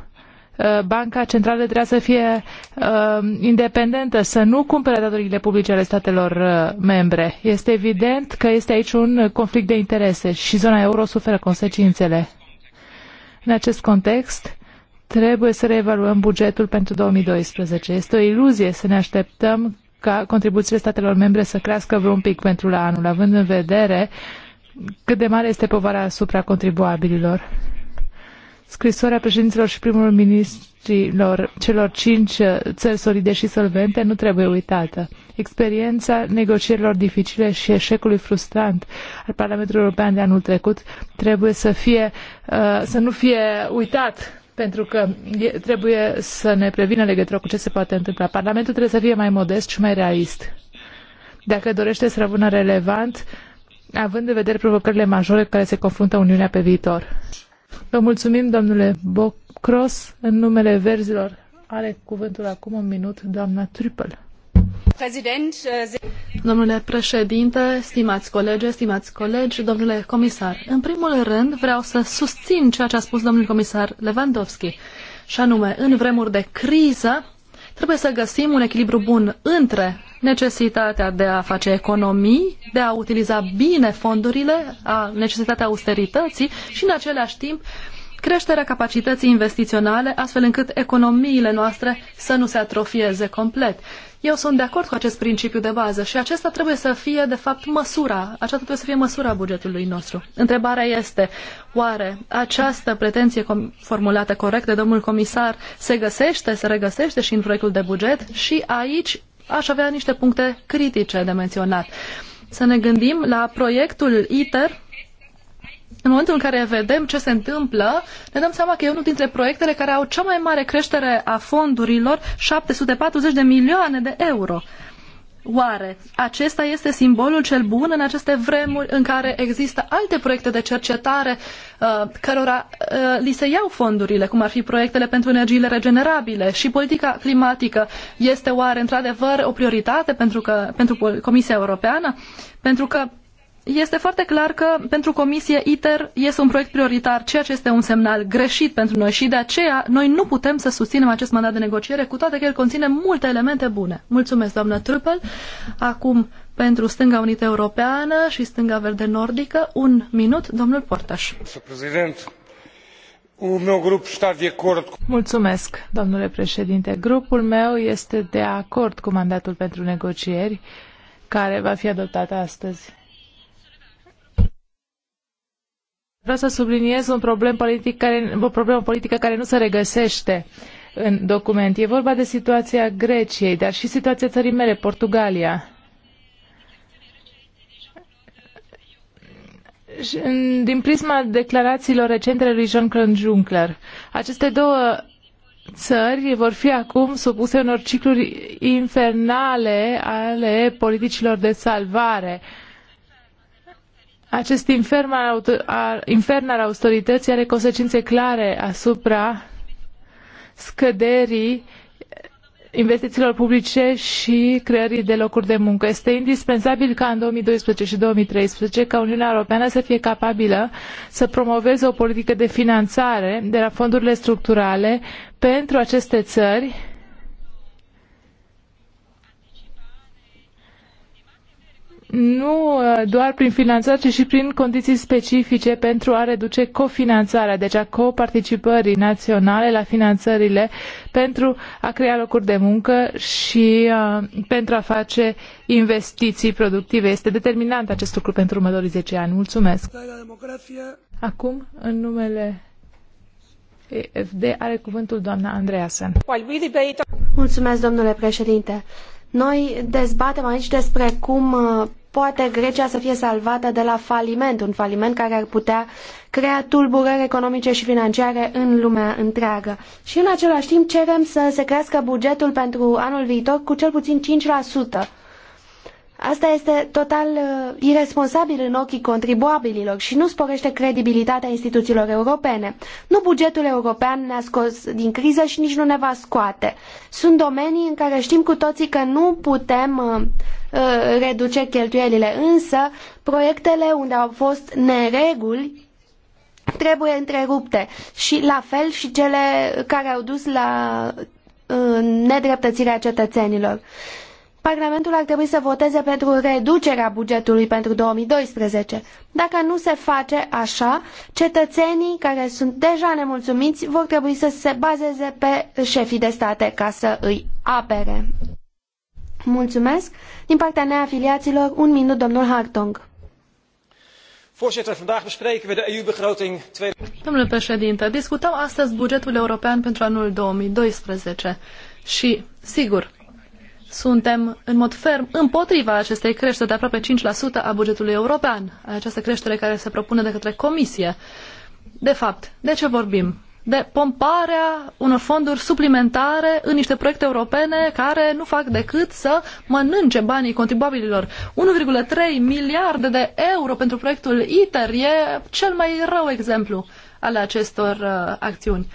uh, Banca Centrală trebuie să fie uh, independentă, să nu cumpere datoriile publice ale statelor uh, membre. Este evident că este aici un conflict de interese și zona euro suferă consecințele. În acest context, trebuie să reevaluăm bugetul pentru 2012. Este o iluzie să ne așteptăm ca contribuțiile statelor membre să crească vreun pic pentru la anul, având în vedere cât de mare este povara asupra contribuabililor. Scrisoarea președinților și primul ministrilor celor cinci uh, țări solide și solvente nu trebuie uitată. Experiența negocierilor dificile și eșecului frustrant al Parlamentului European de anul trecut trebuie să, fie, uh, să nu fie uitat pentru că trebuie să ne prevină legătura cu ce se poate întâmpla. Parlamentul trebuie să fie mai modest și mai realist. Dacă dorește să rămână relevant, având în vedere provocările majore cu care se confruntă Uniunea pe viitor. Vă mulțumim, domnule Bocros, în numele verzilor. Are cuvântul acum un minut doamna Triple. Eh, domnule președinte, stimați colegi, stimați colegi, domnule comisar, în primul rând vreau să susțin ceea ce a spus domnul comisar Lewandowski, și anume, în vremuri de criză, trebuie să găsim un echilibru bun între necesitatea de a face economii, de a utiliza bine fondurile, a necesitatea austerității și, în același timp, creșterea capacității investiționale, astfel încât economiile noastre să nu se atrofieze complet. Eu sunt de acord cu acest principiu de bază și acesta trebuie să fie, de fapt, măsura, aceasta trebuie să fie măsura bugetului nostru. Întrebarea este, oare această pretenție formulată corect de domnul comisar se găsește, se regăsește și în proiectul de buget? Și aici aș avea niște puncte critice de menționat. Să ne gândim la proiectul ITER, în momentul în care vedem ce se întâmplă, ne dăm seama că e unul dintre proiectele care au cea mai mare creștere a fondurilor, 740 de milioane de euro. Oare acesta este simbolul cel bun în aceste vremuri în care există alte proiecte de cercetare uh, cărora uh, li se iau fondurile, cum ar fi proiectele pentru energiile regenerabile și politica climatică este oare într-adevăr o prioritate pentru, că, pentru Comisia Europeană? Pentru că este foarte clar că pentru Comisie ITER este un proiect prioritar, ceea ce este un semnal greșit pentru noi și de aceea noi nu putem să susținem acest mandat de negociere, cu toate că el conține multe elemente bune. Mulțumesc, doamnă Trupel. Acum, pentru Stânga Unită Europeană și Stânga Verde Nordică, un minut, domnul Portaș. Mulțumesc, domnule președinte. Grupul meu este de acord cu mandatul pentru negocieri care va fi adoptat astăzi. Vreau să subliniez un problem politic care, o problemă politică care nu se regăsește în document. E vorba de situația Greciei, dar și situația țării mele, Portugalia. Din prisma declarațiilor recente ale lui Jean-Claude Juncker, aceste două țări vor fi acum supuse unor cicluri infernale ale politicilor de salvare. Uh, acest infern al, al, infern al are consecințe clare asupra scăderii investițiilor publice și creării de locuri de muncă. Este indispensabil ca în 2012 și 2013 ca Uniunea Europeană să fie capabilă să promoveze o politică de finanțare de la fondurile structurale pentru aceste țări nu uh, doar prin finanțare, ci și prin condiții specifice pentru a reduce cofinanțarea, deci a coparticipării naționale la finanțările pentru a crea locuri de muncă și uh, pentru a face investiții productive. Este determinant acest lucru pentru următorii 10 ani. Mulțumesc! Acum, în numele EFD, are cuvântul doamna Andreasen. Mulțumesc, domnule președinte! Noi dezbatem aici despre cum uh, poate Grecia să fie salvată de la faliment, un faliment care ar putea crea tulburări economice și financiare în lumea întreagă. Și în același timp cerem să se crească bugetul pentru anul viitor cu cel puțin 5%. Asta este total uh, irresponsabil în ochii contribuabililor și nu sporește credibilitatea instituțiilor europene. Nu bugetul european ne-a scos din criză și nici nu ne va scoate. Sunt domenii în care știm cu toții că nu putem uh, uh reduce cheltuielile, însă proiectele unde au fost nereguli trebuie întrerupte și la fel și cele care au dus la uh, nedreptățirea cetățenilor. Uh, Parlamentul ar trebui să voteze pentru reducerea bugetului pentru 2012. Dacă nu se face așa, cetățenii care sunt deja nemulțumiți vor trebui să se bazeze pe șefii de state ca să îi apere. Mulțumesc. Din partea neafiliaților, un minut, domnul Hartong. Domnule președinte, discutăm astăzi bugetul european pentru anul 2012 și, sigur, suntem în mod ferm împotriva acestei creșteri de aproape 5% a bugetului european, această creștere care se propune de către Comisie. De fapt, de ce vorbim? De pomparea unor fonduri suplimentare în niște proiecte europene care nu fac decât să mănânce banii contribuabililor. 1,3 miliarde de euro pentru proiectul ITER e cel mai rău exemplu ale acestor uh, acțiuni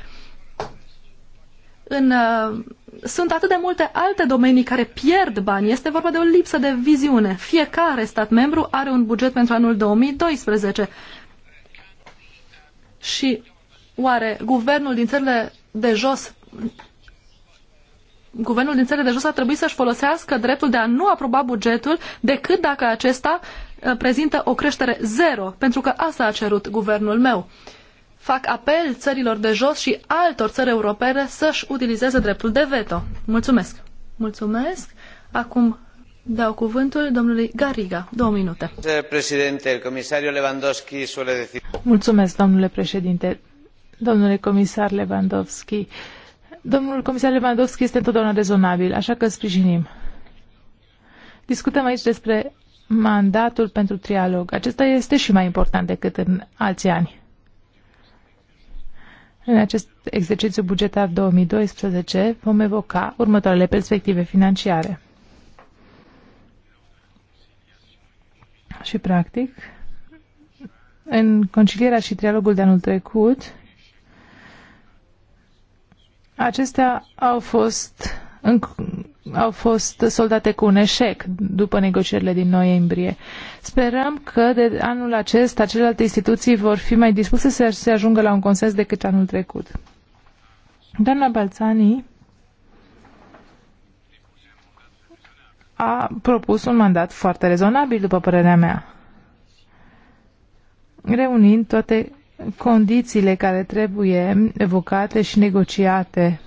în, uh, sunt atât de multe alte domenii care pierd bani. Este vorba de o lipsă de viziune. Fiecare stat membru are un buget pentru anul 2012. Și oare guvernul din țările de jos guvernul din țările de jos ar trebui să-și folosească dreptul de a nu aproba bugetul decât dacă acesta uh, prezintă o creștere zero, pentru că asta a cerut guvernul meu. Uh, fac apel țărilor de jos și altor țări europene să-și utilizeze dreptul de veto. Mulțumesc! Mulțumesc! Acum dau cuvântul domnului Gariga. Două minute. Președinte, comisarul Lewandowski suele decir... Mulțumesc, domnule președinte. Domnule comisar Lewandowski, domnul comisar Lewandowski este întotdeauna rezonabil, așa că sprijinim. Discutăm aici despre mandatul pentru trialog. Acesta este și mai important decât în alți ani. În acest exercițiu bugetar 2012 vom evoca următoarele perspective financiare. Și practic, în concilierea și trialogul de anul trecut, acestea au fost în, au fost soldate cu un eșec după negocierile din noiembrie. Sperăm că de anul acesta celelalte instituții vor fi mai dispuse să se ajungă la un consens decât anul trecut. Doamna Balțani a propus un mandat foarte rezonabil, după părerea mea, reunind toate condițiile care trebuie evocate și negociate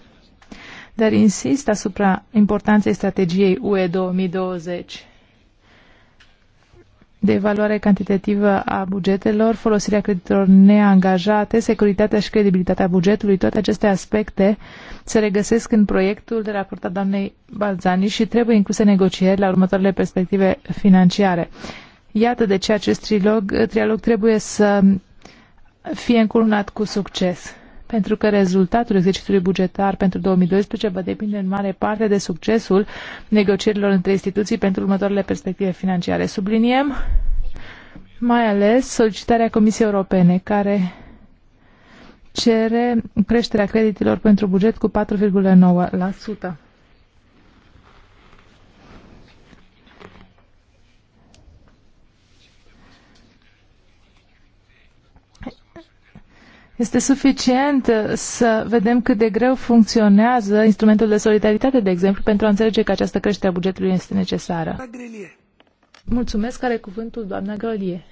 dar insist asupra importanței strategiei UE 2020 de evaluare cantitativă a bugetelor, folosirea creditelor neangajate, securitatea și credibilitatea bugetului, toate aceste aspecte se regăsesc în proiectul de raport al doamnei Balzani și trebuie incluse negocieri la următoarele perspective financiare. Iată de ce acest trilog, trilog trebuie să fie încurunat cu succes pentru că rezultatul exercițiului bugetar pentru 2012 va depinde în mare parte de succesul negocierilor între instituții pentru următoarele perspective financiare. Subliniem mai ales solicitarea Comisiei Europene, care cere creșterea creditelor pentru buget cu 4,9%. Este suficient uh, să vedem cât de greu funcționează instrumentul de solidaritate, de exemplu, pentru a înțelege că această creștere a bugetului este necesară. Mulțumesc, are cuvântul doamna Grolie.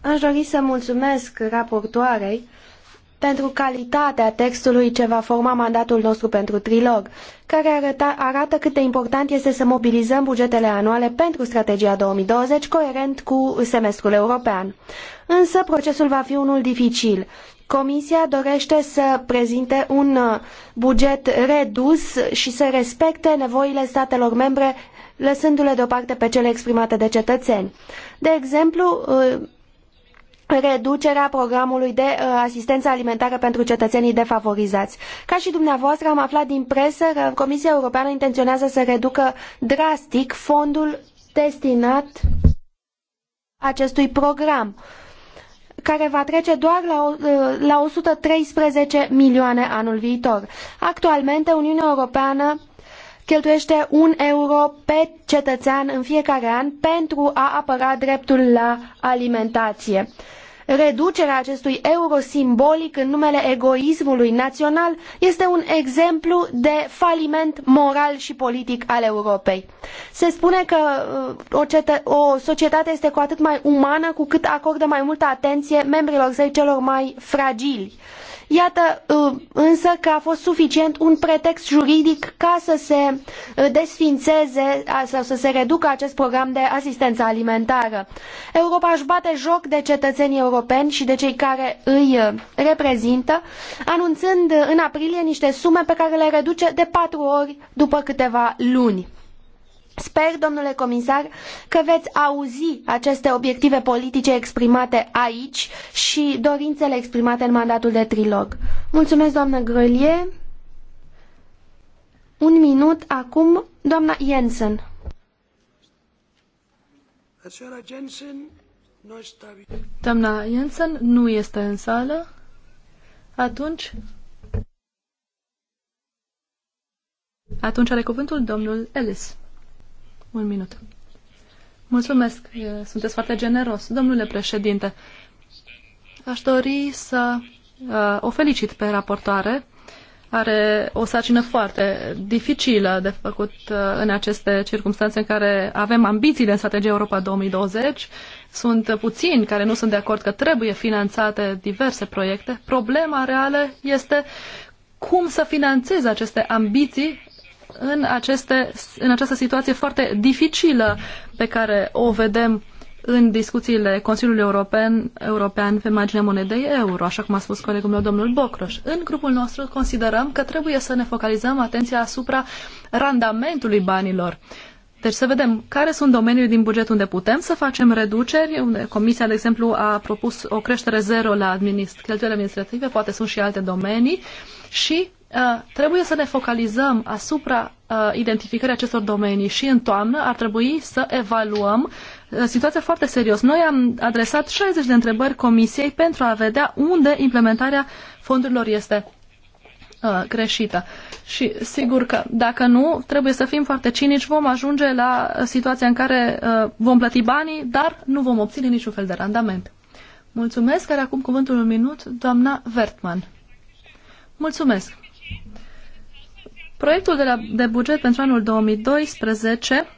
Aș dori să mulțumesc raportoarei pentru calitatea textului ce va forma mandatul nostru pentru trilog, care arăta, arată cât de important este să mobilizăm bugetele anuale pentru strategia 2020 coerent cu semestrul european. Însă procesul va fi unul dificil. Comisia dorește să prezinte un uh, buget redus și să respecte nevoile statelor membre lăsându-le deoparte pe cele exprimate de cetățeni. De exemplu, uh, reducerea programului de uh, asistență alimentară pentru cetățenii defavorizați. Ca și dumneavoastră am aflat din presă că Comisia Europeană intenționează să reducă drastic fondul destinat acestui program care va trece doar la, uh, la 113 milioane anul viitor. Actualmente, Uniunea Europeană cheltuiește un euro pe cetățean în fiecare an pentru a apăra dreptul la alimentație. Reducerea acestui euro simbolic în numele egoismului național este un exemplu de faliment moral și politic al Europei. Se spune că uh, o, o societate este cu atât mai umană cu cât acordă mai multă atenție membrilor săi celor mai fragili. Uh, Iată uh, însă că a fost suficient un pretext juridic ca să se uh, desfințeze sau să se reducă acest program de asistență alimentară. Europa își bate joc de cetățenii europeni și de cei care îi uh, reprezintă, anunțând în aprilie niște sume pe care le reduce de patru ori după câteva luni. Sper, domnule comisar, că veți auzi aceste obiective politice exprimate aici și dorințele exprimate în mandatul de trilog. Mulțumesc, doamnă Grălie. Un minut acum, doamna Jensen. Doamna Jensen nu este în sală. Atunci... Atunci are cuvântul domnul Ellis. Un minut. Mulțumesc, sunteți foarte generos. Domnule președinte, aș dori să uh, o felicit pe raportoare. Are o sarcină foarte dificilă de făcut uh, în aceste circunstanțe în care avem ambițiile în strategia Europa 2020. Sunt puțini care nu sunt de acord că trebuie finanțate diverse proiecte. Problema reală este cum să finanțeze aceste ambiții în, aceste, în această situație foarte dificilă pe care o vedem în discuțiile Consiliului European, European pe marginea monedei euro, așa cum a spus colegul meu, domnul Bocroș. În grupul nostru considerăm că trebuie să ne focalizăm atenția asupra randamentului banilor. Deci să vedem care sunt domeniile din buget unde putem să facem reduceri. Comisia, de exemplu, a propus o creștere zero la administ- cheltuielile administrative, poate sunt și alte domenii și Uh, trebuie să ne focalizăm asupra uh, identificării acestor domenii și în toamnă ar trebui să evaluăm uh, situația foarte serios. Noi am adresat 60 de întrebări comisiei pentru a vedea unde implementarea fondurilor este greșită. Și sigur că dacă nu, trebuie să fim foarte cinici, vom ajunge la situația în care vom plăti banii, dar nu vom obține niciun fel de randament. Mulțumesc, care acum cuvântul un minut, doamna Vertman. Mulțumesc. Proiectul de, la, de buget pentru anul 2012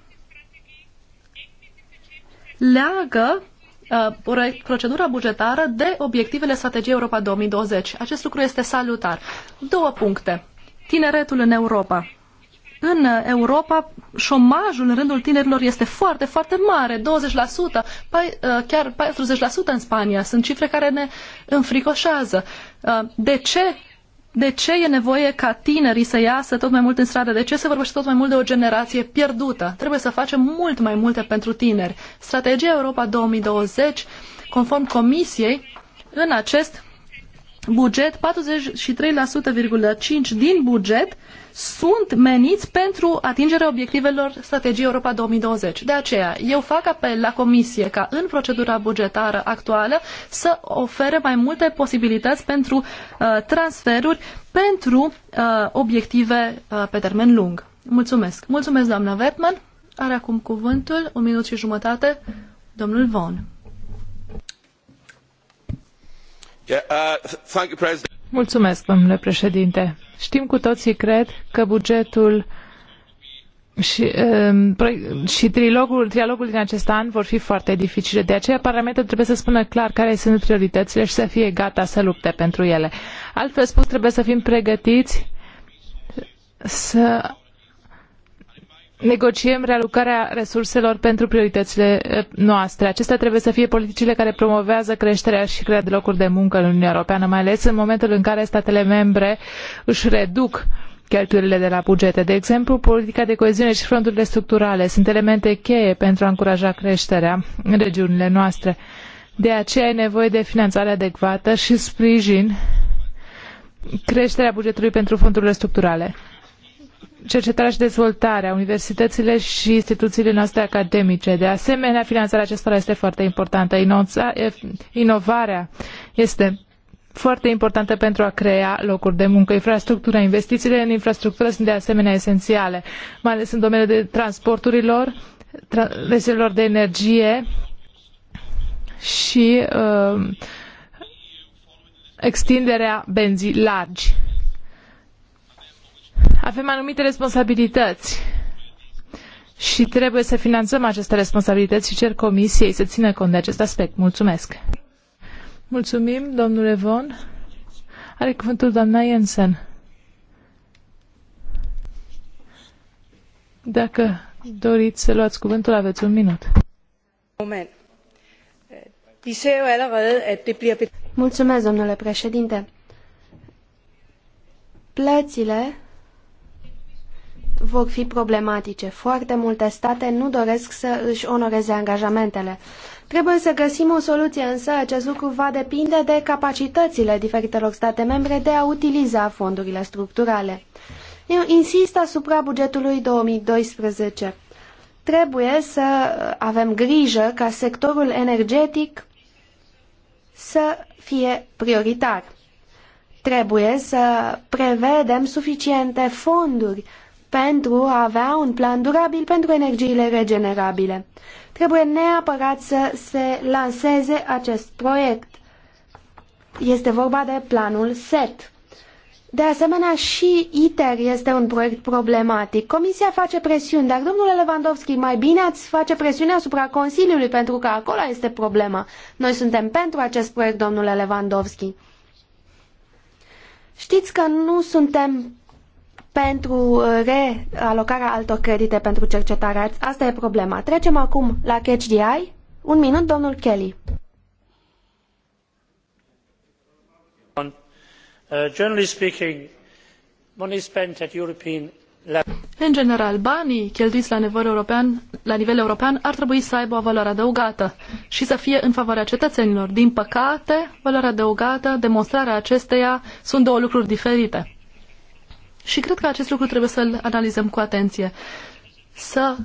leagă uh, procedura bugetară de obiectivele strategiei Europa 2020. Acest lucru este salutar. Două puncte. Tineretul în Europa. În Europa, șomajul în rândul tinerilor este foarte, foarte mare, 20%, păi, uh, chiar 40% în Spania. Sunt cifre care ne înfricoșează. Uh, de ce de ce e nevoie ca tinerii să iasă tot mai mult în stradă? De ce se vorbește tot mai mult de o generație pierdută? Trebuie să facem mult mai multe pentru tineri. Strategia Europa 2020, conform Comisiei, în acest buget, 43,5% din buget sunt meniți pentru atingerea obiectivelor strategiei Europa 2020. De aceea, eu fac apel la Comisie ca în procedura bugetară actuală să ofere mai multe posibilități pentru uh, transferuri pentru uh, obiective uh, pe termen lung. Mulțumesc. Mulțumesc, doamna Vertman. Are acum cuvântul, un minut și jumătate, domnul Von. Uh, Mulțumesc, domnule președinte. Știm cu toții, cred, că bugetul și, um, trilogul, din acest an vor fi foarte dificile. De aceea Parlamentul trebuie să spună clar care sunt prioritățile și să fie gata să lupte pentru ele. Altfel spus, trebuie să fim pregătiți să negociem realocarea resurselor pentru prioritățile eh, noastre. Acestea trebuie să fie politicile care promovează creșterea și crearea de locuri de muncă în Uniunea Europeană, mai ales în momentul în care statele membre își reduc cheltuielile de la bugete. De exemplu, politica de coeziune și fondurile structurale sunt elemente cheie pentru a încuraja creșterea în regiunile noastre. De aceea e nevoie de finanțare adecvată și sprijin creșterea bugetului pentru fondurile structurale cercetarea și dezvoltarea, universitățile și instituțiile noastre academice. De asemenea, finanțarea acestora este foarte importantă. Inovarea este foarte importantă pentru a crea locuri de muncă. Infrastructura, investițiile în infrastructură sunt de asemenea esențiale, mai ales în domeniul de transporturilor, resurselor de energie și uh, extinderea benzii largi avem anumite responsabilități și trebuie să finanțăm aceste responsabilități și cer comisiei să țină cont de acest aspect. Mulțumesc! Mulțumim, domnule Von. Are cuvântul doamna Jensen. Dacă doriți să luați cuvântul, aveți un minut. Mulțumesc, domnule președinte. Plățile vor fi problematice. Foarte multe state nu doresc să își onoreze angajamentele. Trebuie să găsim o soluție, însă acest lucru va depinde de capacitățile diferitelor state membre de a utiliza fondurile structurale. Eu insist asupra bugetului 2012. Trebuie să avem grijă ca sectorul energetic să fie prioritar. Trebuie să prevedem suficiente fonduri pentru a avea un plan durabil pentru energiile regenerabile. Trebuie neapărat să se lanseze acest proiect. Este vorba de planul SET. De asemenea, și ITER este un proiect problematic. Comisia face presiuni, dar domnule Lewandowski, mai bine ați face presiune asupra Consiliului, pentru că acolo este problema. Noi suntem pentru acest proiect, domnule Lewandowski. Știți că nu suntem pentru uh, realocarea altor credite pentru cercetare. Asta e problema. Trecem acum la Catch the Eye. Un minut, domnul Kelly. Uh, în general, banii cheltuiți la nivel, european, la nivel european ar trebui să aibă o valoare adăugată și să fie în favoarea cetățenilor. Din păcate, valoarea adăugată, demonstrarea acesteia sunt două lucruri diferite. Și cred că acest lucru trebuie să-l analizăm cu atenție. Să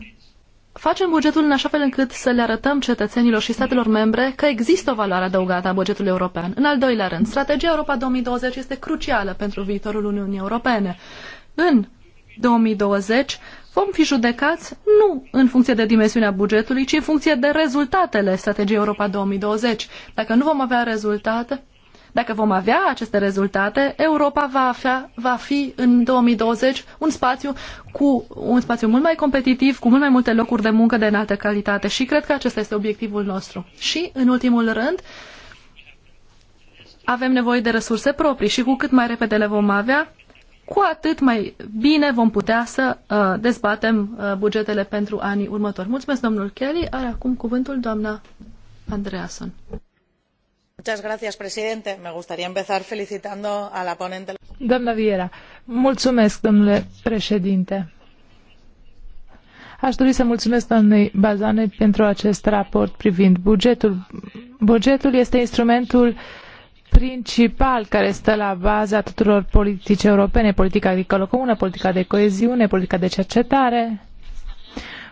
facem bugetul în așa fel încât să le arătăm cetățenilor și statelor membre că există o valoare adăugată a bugetului european. În al doilea rând, strategia Europa 2020 este crucială pentru viitorul Uniunii Europene. În 2020 vom fi judecați nu în funcție de dimensiunea bugetului, ci în funcție de rezultatele strategiei Europa 2020. Dacă nu vom avea rezultate, dacă vom avea aceste rezultate, Europa va, afla, va fi în 2020 un spațiu cu un spațiu mult mai competitiv, cu mult mai multe locuri de muncă de înaltă calitate și cred că acesta este obiectivul nostru. Și, în ultimul rând, avem nevoie de resurse proprii și cu cât mai repede le vom avea, cu atât mai bine vom putea să uh, dezbatem uh, bugetele pentru anii următori. Mulțumesc, domnul Kelly. Are acum cuvântul doamna Andreason. Señor presidente. Me gustaría empezar felicitando a la ponente. Doamna Viera, mulțumesc, domnule președinte. Aș dori să mulțumesc doamnei Bazane pentru acest raport privind bugetul. Bugetul este instrumentul principal care stă la baza tuturor politici europene, politica agricolă comună, politica de coeziune, politica de cercetare,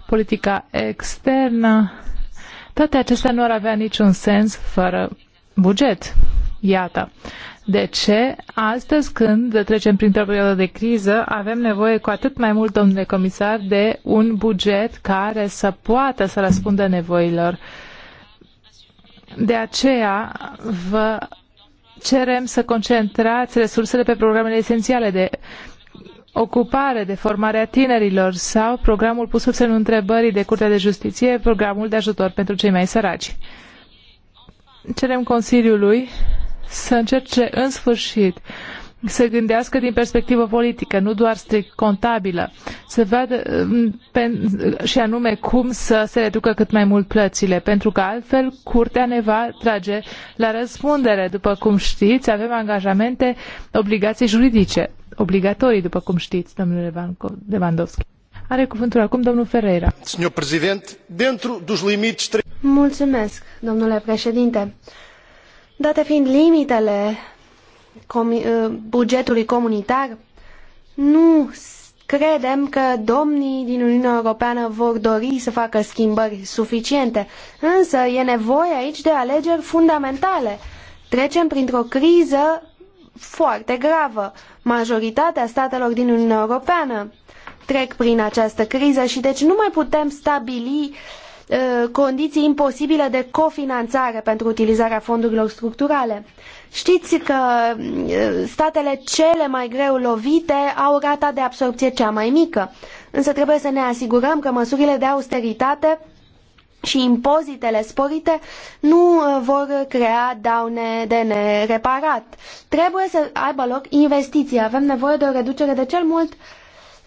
politica externă. Toate acestea nu ar avea niciun sens fără buget. Iată. De ce astăzi, când trecem printr-o perioadă de criză, avem nevoie cu atât mai mult, domnule comisar, de un buget care să poată să răspundă nevoilor. De aceea vă cerem să concentrați resursele pe programele esențiale de ocupare, de formare a tinerilor sau programul pus sub semnul întrebării de Curtea de Justiție, programul de ajutor pentru cei mai săraci cerem Consiliului să încerce în sfârșit să gândească din perspectivă politică, nu doar strict contabilă, să vadă mm, pe, și anume cum să se reducă cât mai mult plățile, pentru că altfel curtea ne va trage la răspundere. După cum știți, avem angajamente, obligații juridice, obligatorii, după cum știți, domnule Lewandowski. Are cuvântul acum domnul Ferreira. Mulțumesc, domnule președinte. Date fiind limitele ă, bugetului comunitar, nu credem că domnii din Uniunea Europeană vor dori să facă schimbări suficiente, însă e nevoie aici de alegeri fundamentale. Trecem printr-o criză foarte gravă. Majoritatea statelor din Uniunea Europeană trec prin această criză și deci nu mai putem stabili uh, condiții imposibile de cofinanțare pentru utilizarea fondurilor structurale. Știți că uh, statele cele mai greu lovite au rata de absorpție cea mai mică, însă trebuie să ne asigurăm că măsurile de austeritate și impozitele sporite nu uh, vor crea daune de nereparat. Trebuie să aibă loc investiții. Avem nevoie de o reducere de cel mult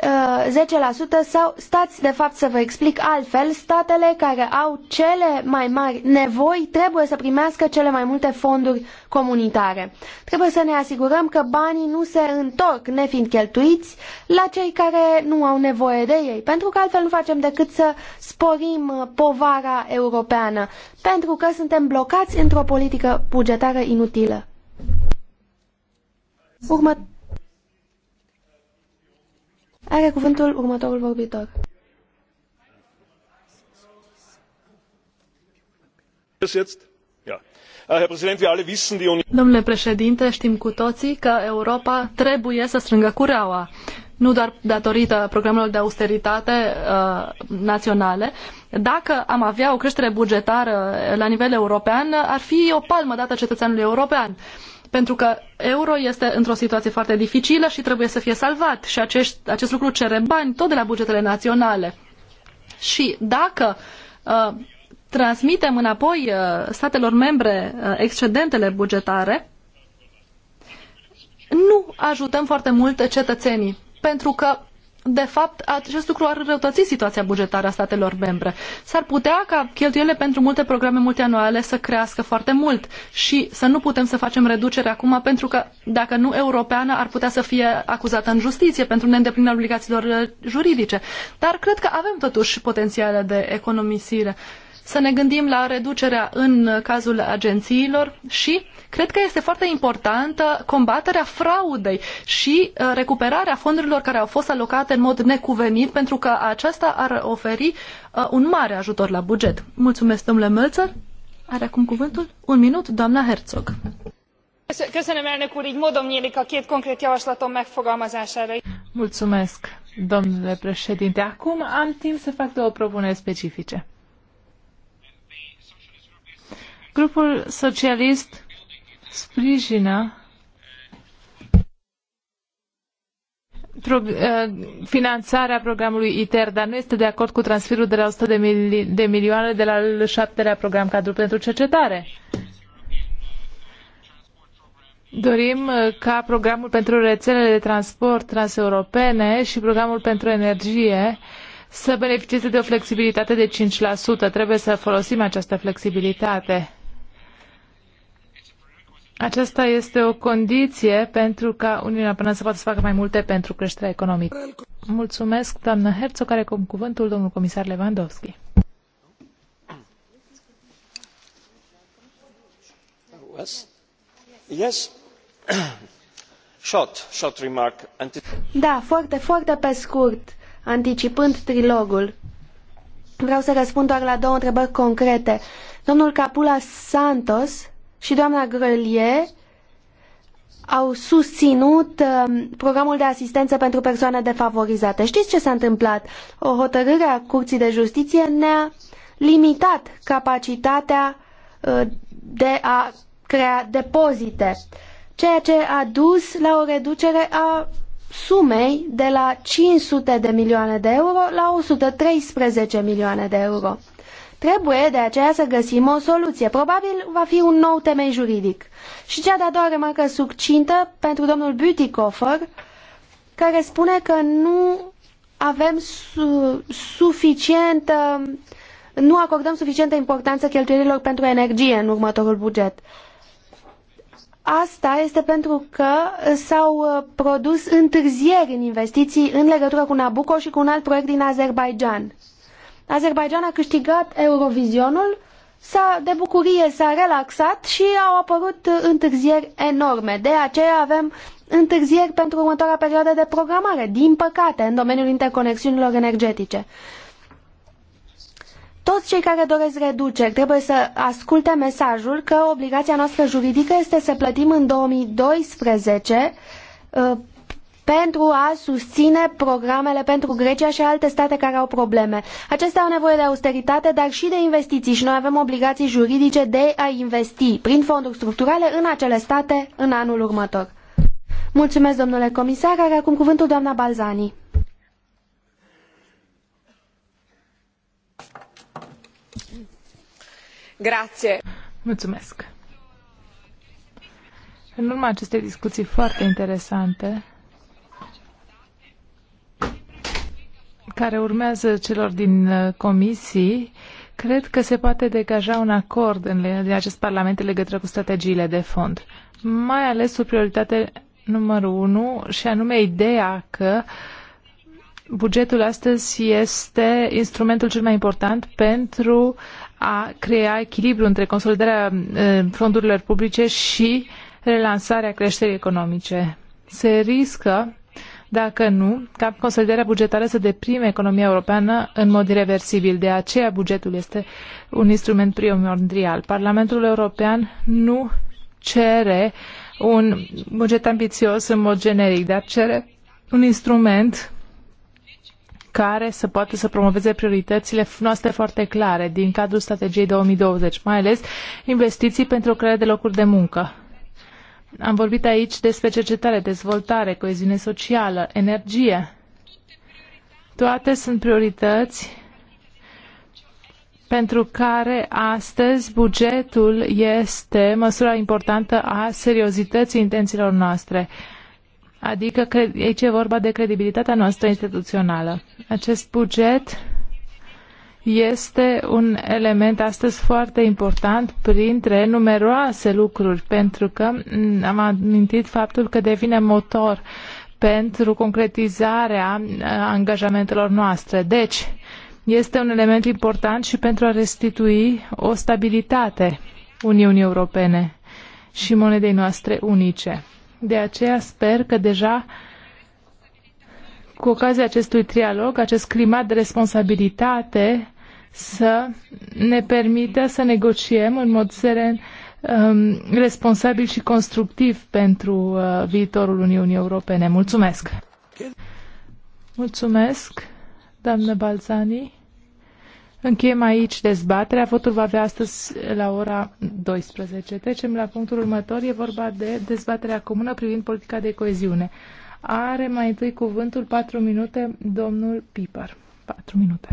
10% uh, sau stați de fapt să vă explic altfel, statele care au cele mai mari nevoi trebuie să primească cele mai multe fonduri comunitare. Trebuie să ne asigurăm că banii nu se întorc nefiind cheltuiți la cei care nu au nevoie de ei, pentru că altfel nu facem decât să sporim uh, povara europeană, pentru că suntem blocați într-o politică bugetară inutilă. Urmă... Are cuvântul următorul vorbitor. Ah, Domnule președinte, știm cu toții că Europa trebuie să strângă cureaua, nu doar datorită programelor de austeritate uh, naționale. Dacă am avea o creștere bugetară la nivel european, ar fi o palmă dată cetățeanului european. Uh, pentru că euro este într-o situație foarte dificilă și trebuie să fie salvat și acest, acest lucru cere bani tot de la bugetele naționale. Și dacă uh, transmitem înapoi uh, statelor membre uh, excedentele bugetare, nu ajutăm foarte mult cetățenii, pentru că de fapt, acest lucru ar răutăți situația bugetară a statelor membre. S-ar putea ca cheltuielile pentru multe programe multianuale să crească foarte mult și să nu putem să facem reducere acum pentru că, dacă nu europeană, ar putea să fie acuzată în justiție pentru neîndeplinirea obligațiilor uh, juridice. Dar cred că avem totuși potențiale de economisire să ne gândim la reducerea în cazul agențiilor și cred că este foarte importantă combaterea fraudei și uh, recuperarea fondurilor care au fost alocate în mod necuvenit, pentru că aceasta ar oferi uh, un mare ajutor la buget. Mulțumesc, domnule Mălțăr. Are acum cuvântul un minut, doamna Herzog. Köszönöm, elnök úr, így módom nyílik a két konkrét javaslatom megfogalmazására. Mulțumesc, domnule președinte. Acum am timp să fac două propuneri specifice. Grupul socialist sprijină uh, finanțarea programului ITER, dar nu este de acord cu transferul de la 100 de, mili- de milioane de la al șaptelea program cadru pentru cercetare. Dorim uh, ca programul pentru rețelele de transport transeuropene și programul pentru energie să beneficieze de o flexibilitate de 5%. Trebuie să folosim această flexibilitate. Aceasta este o condiție pentru ca Uniunea Europeană să poată să facă mai multe pentru creșterea economică. Mulțumesc, doamnă Herzog, care cu cuvântul domnul comisar Lewandowski. Yes? Short, short remark. Da, foarte, foarte pe scurt, anticipând trilogul. Vreau să răspund doar la două întrebări concrete. Domnul Capula Santos și doamna Grălie au susținut um, programul de asistență pentru persoane defavorizate. Știți ce s-a întâmplat? O hotărâre a Curții de Justiție ne-a limitat capacitatea uh, de a crea depozite, ceea ce a dus la o reducere a sumei de la 500 de milioane de euro la 113 milioane de euro. Trebuie de aceea să găsim o soluție. Probabil va fi un nou temei juridic. Și cea de-a doua remarcă succintă pentru domnul Butikofer, care spune că nu avem su suficientă nu acordăm suficientă importanță cheltuielilor pentru energie în următorul buget. Asta este pentru că s-au uh, produs întârzieri în investiții în legătură cu Nabucco și cu un alt proiect din Azerbaijan. Azerbaijan a câștigat Eurovizionul, s-a, de bucurie s-a relaxat și au apărut întârzieri enorme. De aceea avem întârzieri pentru următoarea perioadă de programare, din păcate, în domeniul interconexiunilor energetice. Toți cei care doresc reduceri trebuie să asculte mesajul că obligația noastră juridică este să plătim în 2012 pentru a susține programele pentru Grecia și alte state care au probleme. Acestea au nevoie de austeritate, dar și de investiții și noi avem obligații juridice de a investi prin fonduri structurale în acele state în anul următor. Mulțumesc, domnule comisar, acum cuvântul doamna Balzani. Mulțumesc. În urma acestei discuții foarte interesante, care urmează celor din uh, comisii, cred că se poate degaja un acord în, din acest Parlament în legătură cu strategiile de fond, mai ales sub prioritate numărul 1 și anume ideea că bugetul astăzi este instrumentul cel mai important pentru a crea echilibru între consolidarea uh, fondurilor publice și relansarea creșterii economice. Se riscă dacă nu, ca consolidarea bugetară să deprime economia europeană în mod irreversibil. De aceea bugetul este un instrument primordial. Parlamentul European nu cere un buget ambițios în mod generic, dar cere un instrument care să poată să promoveze prioritățile noastre foarte clare din cadrul strategiei 2020, mai ales investiții pentru crearea de locuri de muncă. Am vorbit aici despre cercetare, dezvoltare, coeziune socială, energie. Toate sunt priorități pentru care astăzi bugetul este măsura importantă a seriozității intențiilor noastre. Adică aici e vorba de credibilitatea noastră instituțională. Acest buget este un element astăzi foarte important printre numeroase lucruri, pentru că mm, am amintit faptul că devine motor pentru concretizarea mm, angajamentelor noastre. Deci, este un element important și pentru a restitui o stabilitate Uniunii Europene și monedei noastre unice. De aceea sper că deja cu ocazia acestui trialog, acest climat de responsabilitate să ne permită să negociem în mod seren, um, responsabil și constructiv pentru uh, viitorul Uniunii Europene. Mulțumesc! Mulțumesc, doamnă Balzani. Încheiem aici dezbaterea. Votul va avea astăzi la ora 12. Trecem la punctul următor. E vorba de dezbaterea comună privind politica de coeziune. Are mai întâi cuvântul 4 minute domnul Pipar. 4 minute.